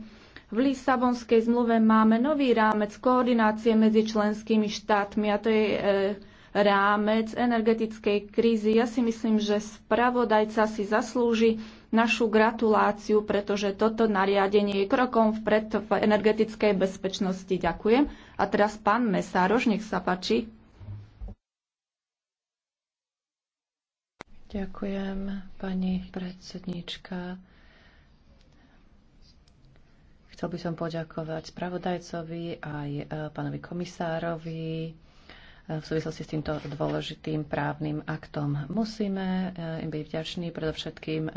v Lisabonskej zmluve máme nový rámec koordinácie medzi členskými štátmi a to je e, rámec energetickej krízy. Ja si myslím, že spravodajca si zaslúži našu gratuláciu, pretože toto nariadenie je krokom vpred v energetickej bezpečnosti. Ďakujem. A teraz pán Mesároš, nech sa páči. Ďakujem, pani predsednička. Chcel by som poďakovať spravodajcovi aj e, pánovi komisárovi e, v súvislosti s týmto dôležitým právnym aktom. Musíme e, im byť vďační predovšetkým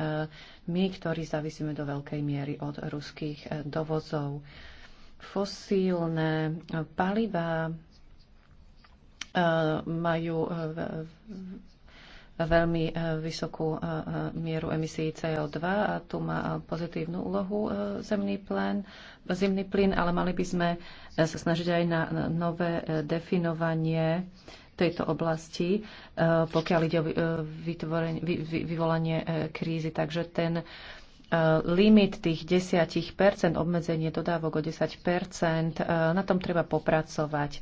my, ktorí závisíme do veľkej miery od ruských dovozov. Fosílne paliva majú veľmi eh, vysokú eh, eh, mieru emisí CO2 a tu má pozitívnu úlohu zemný plyn, zimný plyn, ale mali by sme sa snažiť aj na nové definovanie tejto oblasti, pokiaľ ide o vyvolanie krízy. Takže ten limit tých 10%, obmedzenie dodávok o 10%, na tom treba popracovať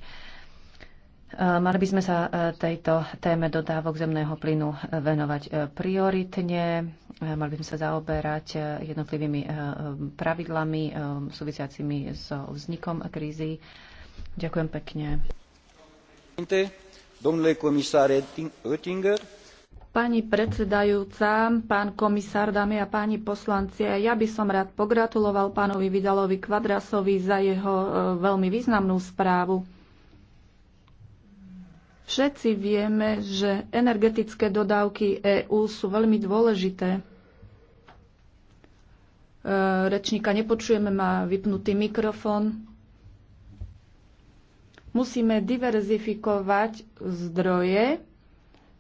Eh, mali by sme sa eh, tejto téme dodávok zemného plynu eh, venovať prioritne. Mali by sme sa zaoberať jednotlivými pravidlami súvisiacimi so vznikom krízy. Ďakujem pekne. Pani predsedajúca, pán komisár, dámy a páni poslanci, ja by som rád pogratuloval pánovi Vidalovi Kvadrasovi za jeho veľmi významnú správu. Všetci vieme, že energetické dodávky EÚ sú veľmi dôležité. E, rečníka nepočujeme, má vypnutý mikrofón. Musíme diverzifikovať zdroje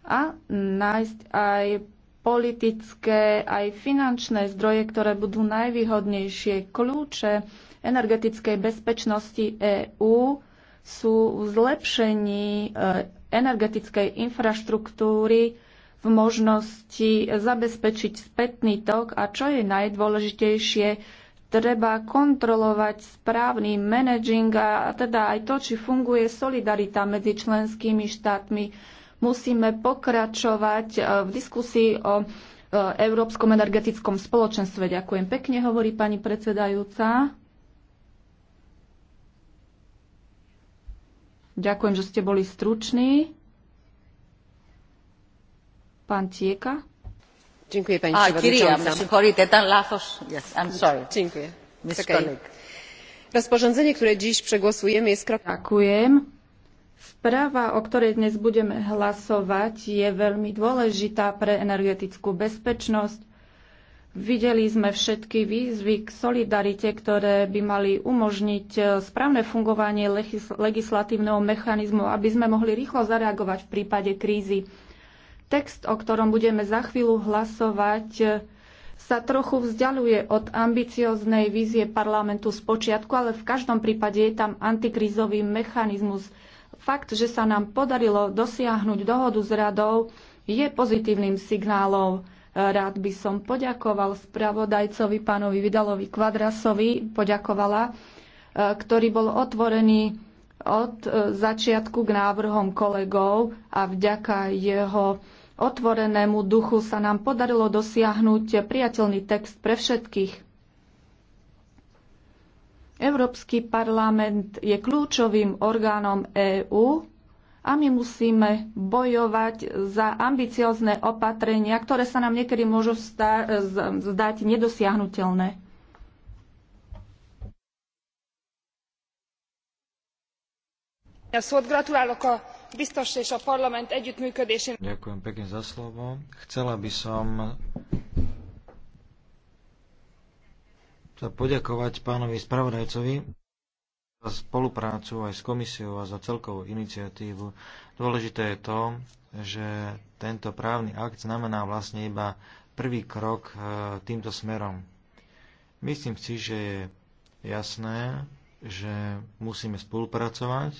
a nájsť aj politické, aj finančné zdroje, ktoré budú najvýhodnejšie. Kľúče energetickej bezpečnosti EÚ sú v zlepšení e, energetickej infraštruktúry, v možnosti zabezpečiť spätný tok a čo je najdôležitejšie, treba kontrolovať správny managing a teda aj to, či funguje solidarita medzi členskými štátmi. Musíme pokračovať e, v diskusii o e, Európskom energetickom spoločenstve. Ďakujem pekne, hovorí pani predsedajúca. Ďakujem, že ste boli struční. Pán Tieka. Ďakujem, pani przewodnicząca! rozporządzenie które dziś przegłosujemy jest krokiem. Ďakujem. Správa, o ktorej dnes budeme hlasovať, je veľmi dôležitá pre energetickú bezpečnosť Videli sme všetky výzvy k solidarite, ktoré by mali umožniť eh, správne fungovanie legislatívneho mechanizmu, aby sme mohli rýchlo zareagovať v prípade krízy. Text, o ktorom budeme za chvíľu hlasovať, eh, sa trochu vzdialuje od ambicioznej vízie parlamentu z počiatku, ale v každom prípade je tam antikrízový mechanizmus. Fakt, že sa nám podarilo dosiahnuť dohodu s radou, je pozitívnym signálom Rád by som poďakoval spravodajcovi pánovi Vidalovi Kvadrasovi, poďakovala, e, ktorý bol otvorený od e, začiatku k návrhom kolegov a vďaka jeho otvorenému duchu sa nám podarilo dosiahnuť priateľný text pre všetkých. Európsky parlament je kľúčovým orgánom EÚ a my musíme bojovať za ambiciozne opatrenia, ktoré sa nám niekedy môžu zdať nedosiahnutelné. Ďakujem pekne za slovo. Chcela by som sa poďakovať pánovi spravodajcovi za spoluprácu aj s komisiou a za celkovú iniciatívu. Dôležité je to, že tento právny akt znamená vlastne iba prvý krok e, týmto smerom. Myslím si, že je jasné, že musíme spolupracovať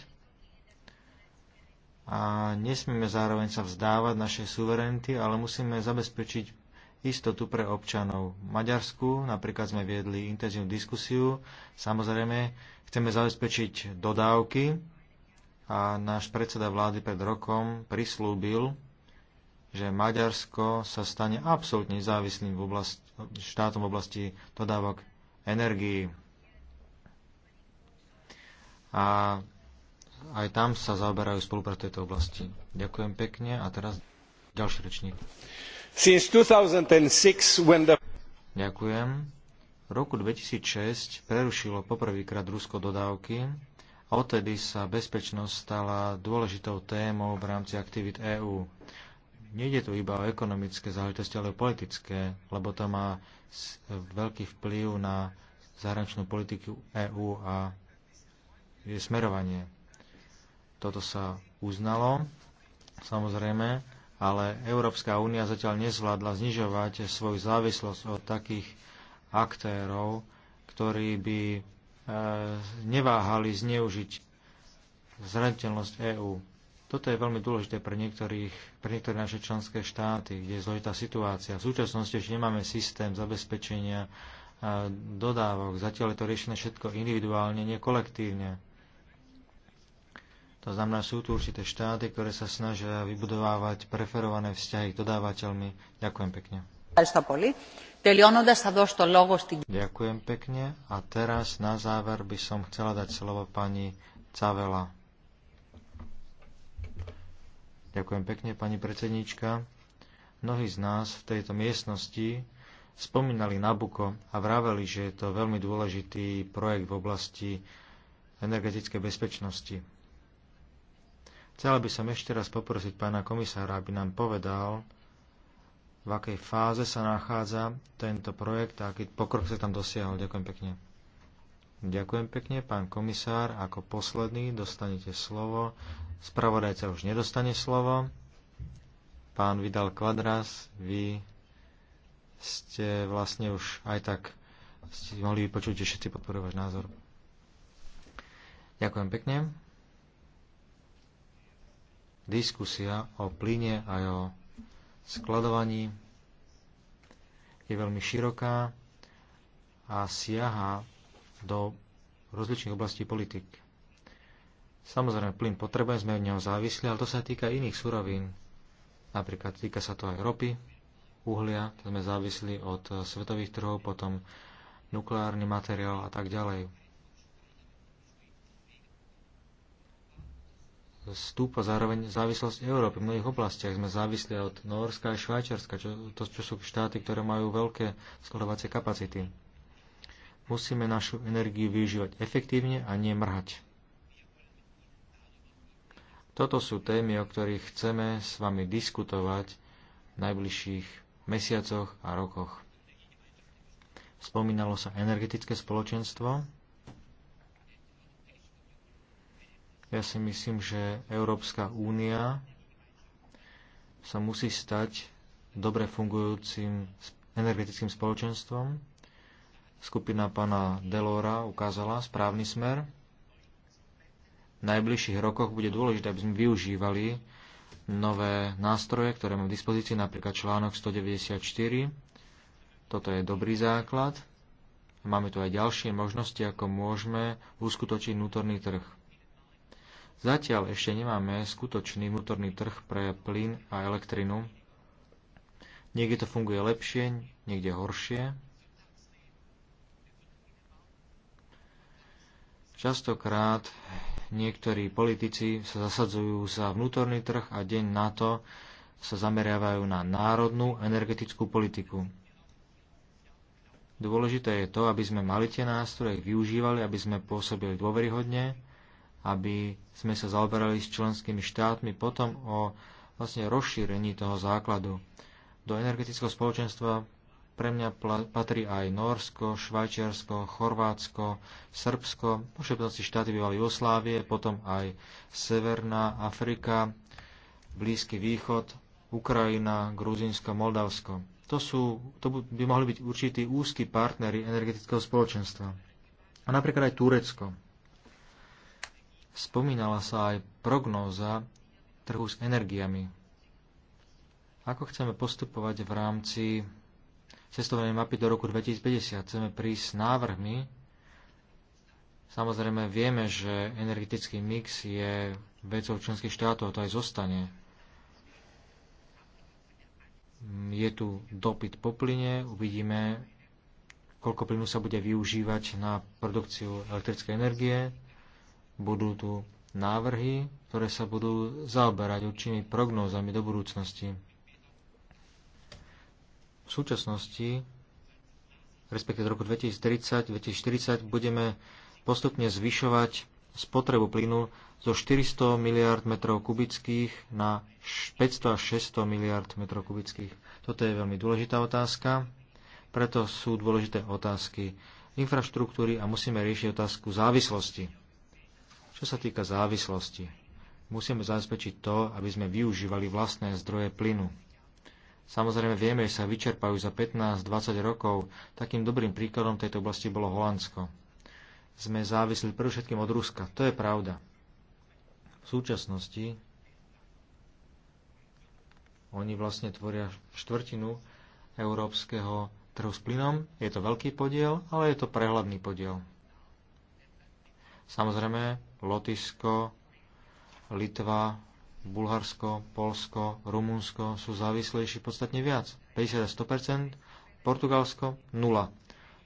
a nesmieme zároveň sa vzdávať našej suverenity, ale musíme zabezpečiť istotu pre občanov. V Maďarsku napríklad sme viedli intenzívnu diskusiu. Samozrejme, chceme zabezpečiť dodávky a náš predseda vlády pred rokom prislúbil, že Maďarsko sa stane absolútne nezávislým v oblast, štátom v oblasti dodávok energii. A aj tam sa zaoberajú spolupráce v tejto oblasti. Ďakujem pekne a teraz ďalší rečník. Since 2006, when the... Ďakujem. V roku 2006 prerušilo poprvýkrát Rusko dodávky a odtedy sa bezpečnosť stala dôležitou témou v rámci aktivít EÚ. Nejde tu iba o ekonomické záležitosti, ale o politické, lebo to má veľký vplyv na zahraničnú politiku EÚ a jej smerovanie. Toto sa uznalo, samozrejme, ale Európska únia zatiaľ nezvládla znižovať svoju závislosť od takých aktérov, ktorí by e, neváhali zneužiť zraniteľnosť EÚ. Toto je veľmi dôležité pre, niektorých, pre niektoré naše členské štáty, kde je zložitá situácia. V súčasnosti ešte nemáme systém zabezpečenia e, dodávok. Zatiaľ je to riešené všetko individuálne, nie kolektívne. To znamená, sú tu určité štáty, ktoré sa snažia vybudovávať preferované vzťahy k dodávateľmi. Ďakujem pekne. Ďakujem pekne a teraz na záver by som chcela dať slovo pani Cavela. Ďakujem pekne, pani predsedníčka. Mnohí z nás v tejto miestnosti spomínali Nabuko a vraveli, že je to veľmi dôležitý projekt v oblasti energetickej bezpečnosti. Chcela by som ešte raz poprosiť pána komisára, aby nám povedal, v akej fáze sa nachádza tento projekt a aký pokrok sa tam dosiahol. Ďakujem pekne. Ďakujem pekne, pán komisár. Ako posledný dostanete slovo. Spravodajca už nedostane slovo. Pán Vidal Kvadras, vy ste vlastne už aj tak ste mohli vypočuť, že všetci podporujú váš názor. Ďakujem pekne diskusia o plyne a o skladovaní je veľmi široká a siaha do rozličných oblastí politik. Samozrejme, plyn potrebujeme, sme od neho závislí, ale to sa týka iných surovín. Napríklad týka sa to aj ropy, uhlia, to sme závisli od svetových trhov, potom nukleárny materiál a tak ďalej. stúpa zároveň závislosť Európy. V mnohých oblastiach sme závisli od Norska a Švajčiarska, čo, to, čo sú štáty, ktoré majú veľké skladovacie kapacity. Musíme našu energiu využívať efektívne a nemrhať. Toto sú témy, o ktorých chceme s vami diskutovať v najbližších mesiacoch a rokoch. Spomínalo sa energetické spoločenstvo, Ja si myslím, že Európska únia sa musí stať dobre fungujúcim energetickým spoločenstvom. Skupina pána Delora ukázala správny smer. V najbližších rokoch bude dôležité, aby sme využívali nové nástroje, ktoré mám v dispozícii, napríklad článok 194. Toto je dobrý základ. Máme tu aj ďalšie možnosti, ako môžeme uskutočniť vnútorný trh. Zatiaľ ešte nemáme skutočný vnútorný trh pre plyn a elektrinu. Niekde to funguje lepšie, niekde horšie. Častokrát niektorí politici sa zasadzujú za vnútorný trh a deň na to sa zameriavajú na národnú energetickú politiku. Dôležité je to, aby sme mali tie nástroje, ich využívali, aby sme pôsobili dôveryhodne aby sme sa zaoberali s členskými štátmi potom o vlastne rozšírení toho základu. Do energetického spoločenstva pre mňa patrí aj Norsko, Švajčiarsko, Chorvátsko, Srbsko, pošetnosti štáty bývali Jugoslávie, potom aj Severná Afrika, Blízky východ, Ukrajina, Gruzinsko, Moldavsko. To, sú, to by mohli byť určití úzky partnery energetického spoločenstva. A napríklad aj Turecko spomínala sa aj prognóza trhu s energiami. Ako chceme postupovať v rámci cestovnej mapy do roku 2050? Chceme prísť s návrhmi. Samozrejme vieme, že energetický mix je vecou členských štátov, a to aj zostane. Je tu dopyt po plyne, uvidíme, koľko plynu sa bude využívať na produkciu elektrickej energie budú tu návrhy, ktoré sa budú zaoberať určitými prognózami do budúcnosti. V súčasnosti, respektíve v roku 2030-2040, budeme postupne zvyšovať spotrebu plynu zo 400 miliard metrov kubických na 500 až 600 miliard metrov kubických. Toto je veľmi dôležitá otázka, preto sú dôležité otázky infraštruktúry a musíme riešiť otázku závislosti. Čo sa týka závislosti, musíme zabezpečiť to, aby sme využívali vlastné zdroje plynu. Samozrejme vieme, že sa vyčerpajú za 15-20 rokov. Takým dobrým príkladom tejto oblasti bolo Holandsko. Sme závisli predovšetkým od Ruska. To je pravda. V súčasnosti oni vlastne tvoria štvrtinu európskeho trhu s plynom. Je to veľký podiel, ale je to prehľadný podiel. Samozrejme, Lotyšsko, Litva, Bulharsko, Polsko, Rumunsko sú závislejší podstatne viac. 50 100%, Portugalsko 0.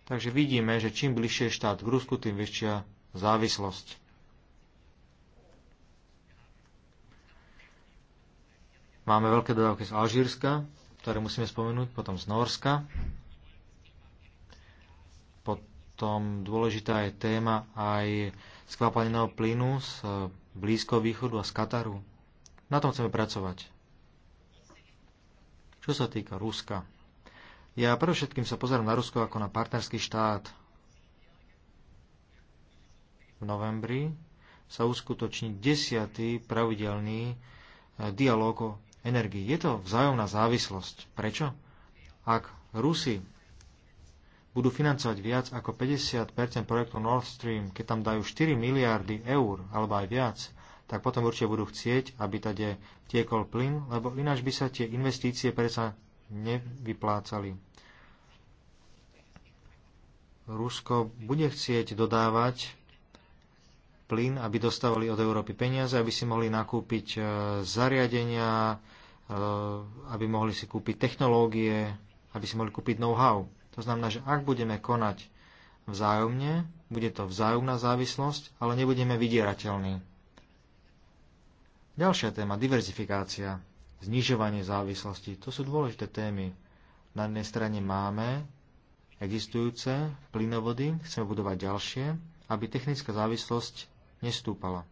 Takže vidíme, že čím bližšie je štát k Rusku, tým väčšia závislosť. Máme veľké dodávky z Alžírska, ktoré musíme spomenúť, potom z Norska. Potom dôležitá je téma aj skvapaneného plynu z e, Blízkoho východu a z Kataru. Na tom chceme pracovať. Čo sa týka Ruska. Ja predovšetkým sa pozerám na Rusko ako na partnerský štát. V novembri sa uskutoční desiatý pravidelný e, dialog o energii. Je to vzájomná závislosť. Prečo? Ak Rusi budú financovať viac ako 50 projektu Nord Stream, keď tam dajú 4 miliardy eur alebo aj viac, tak potom určite budú chcieť, aby tade tiekol plyn, lebo ináč by sa tie investície predsa nevyplácali. Rusko bude chcieť dodávať plyn, aby dostávali od Európy peniaze, aby si mohli nakúpiť e, zariadenia, e, aby mohli si kúpiť technológie, aby si mohli kúpiť know-how. To znamená, že ak budeme konať vzájomne, bude to vzájomná závislosť, ale nebudeme vydierateľní. Ďalšia téma, diverzifikácia, znižovanie závislosti, to sú dôležité témy. Na jednej strane máme existujúce plynovody, chceme budovať ďalšie, aby technická závislosť nestúpala.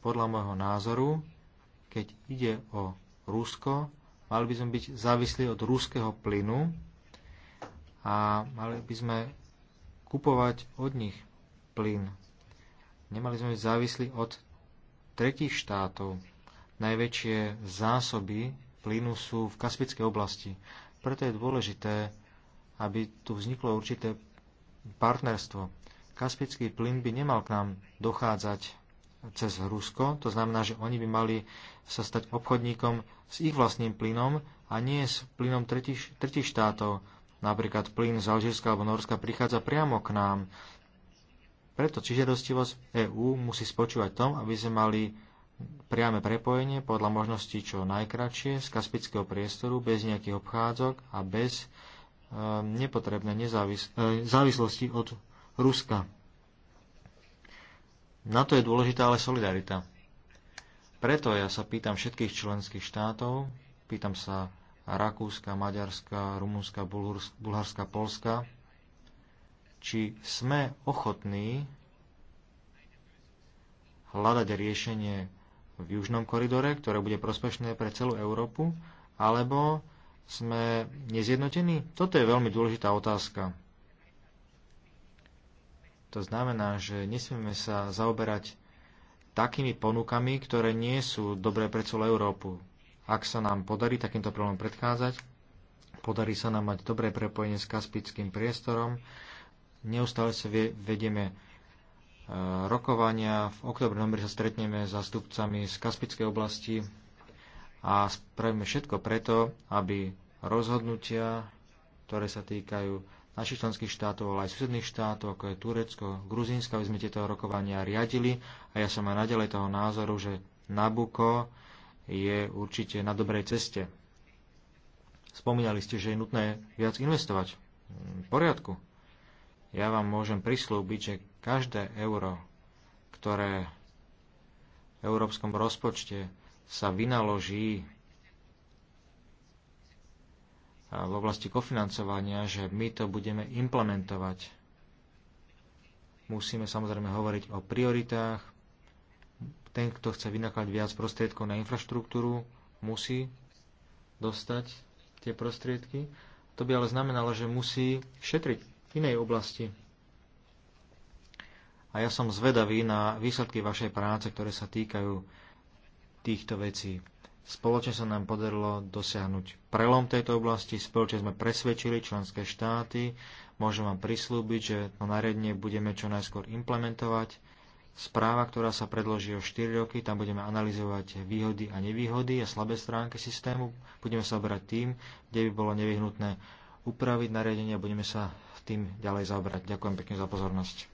Podľa môjho názoru, keď ide o Rusko, Mali by sme byť závislí od rúského plynu a mali by sme kupovať od nich plyn. Nemali sme byť závislí od tretich štátov. Najväčšie zásoby plynu sú v Kaspickej oblasti. Preto je dôležité, aby tu vzniklo určité partnerstvo. Kaspický plyn by nemal k nám dochádzať cez Rusko. To znamená, že oni by mali sa stať obchodníkom s ich vlastným plynom a nie s plynom tretich, tretich štátov. Napríklad plyn z Alžírska alebo Norska prichádza priamo k nám. Preto čižerostivosť EÚ musí spočívať tom, aby sme mali priame prepojenie podľa možností čo najkračšie z kaspického priestoru bez nejakých obchádzok a bez e, nepotrebnej nezávislosti e, závislosti od Ruska. Na to je dôležitá ale solidarita. Preto ja sa pýtam všetkých členských štátov, pýtam sa Rakúska, Maďarska, Rumunska, Bulharska, Polska, či sme ochotní hľadať riešenie v južnom koridore, ktoré bude prospešné pre celú Európu, alebo sme nezjednotení? Toto je veľmi dôležitá otázka. To znamená, že nesmieme sa zaoberať takými ponukami, ktoré nie sú dobré pre celú Európu. Ak sa nám podarí takýmto problémom predchádzať, podarí sa nám mať dobré prepojenie s kaspickým priestorom, neustále sa vedieme e, rokovania. V oktobri novembri sa stretneme s zástupcami z Kaspickej oblasti a spravíme všetko preto, aby rozhodnutia, ktoré sa týkajú našich členských štátov, ale aj susedných štátov, ako je Turecko, Gruzínsko, aby sme tieto rokovania riadili. A ja som aj naďalej toho názoru, že Nabuko je určite na dobrej ceste. Spomínali ste, že je nutné viac investovať. V poriadku. Ja vám môžem prislúbiť, že každé euro, ktoré v európskom rozpočte sa vynaloží v oblasti kofinancovania, že my to budeme implementovať. Musíme samozrejme hovoriť o prioritách. Ten, kto chce vynakladať viac prostriedkov na infraštruktúru, musí dostať tie prostriedky. To by ale znamenalo, že musí šetriť v inej oblasti. A ja som zvedavý na výsledky vašej práce, ktoré sa týkajú týchto vecí. Spoločne sa nám podarilo dosiahnuť prelom tejto oblasti, spoločne sme presvedčili členské štáty, môžem vám prislúbiť, že to nariadenie budeme čo najskôr implementovať. Správa, ktorá sa predloží o 4 roky, tam budeme analyzovať výhody a nevýhody a slabé stránky systému. Budeme sa obrať tým, kde by bolo nevyhnutné upraviť nariadenie a budeme sa tým ďalej zaobrať. Ďakujem pekne za pozornosť.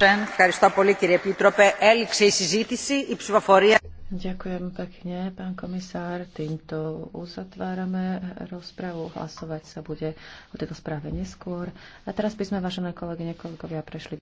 Ďakujem. Ďakujem pekne, pán komisár. Týmto uzatvárame rozpravu. Hlasovať sa bude o tejto správe neskôr. A teraz by sme, vážené kolegyne, kolegovia, prešli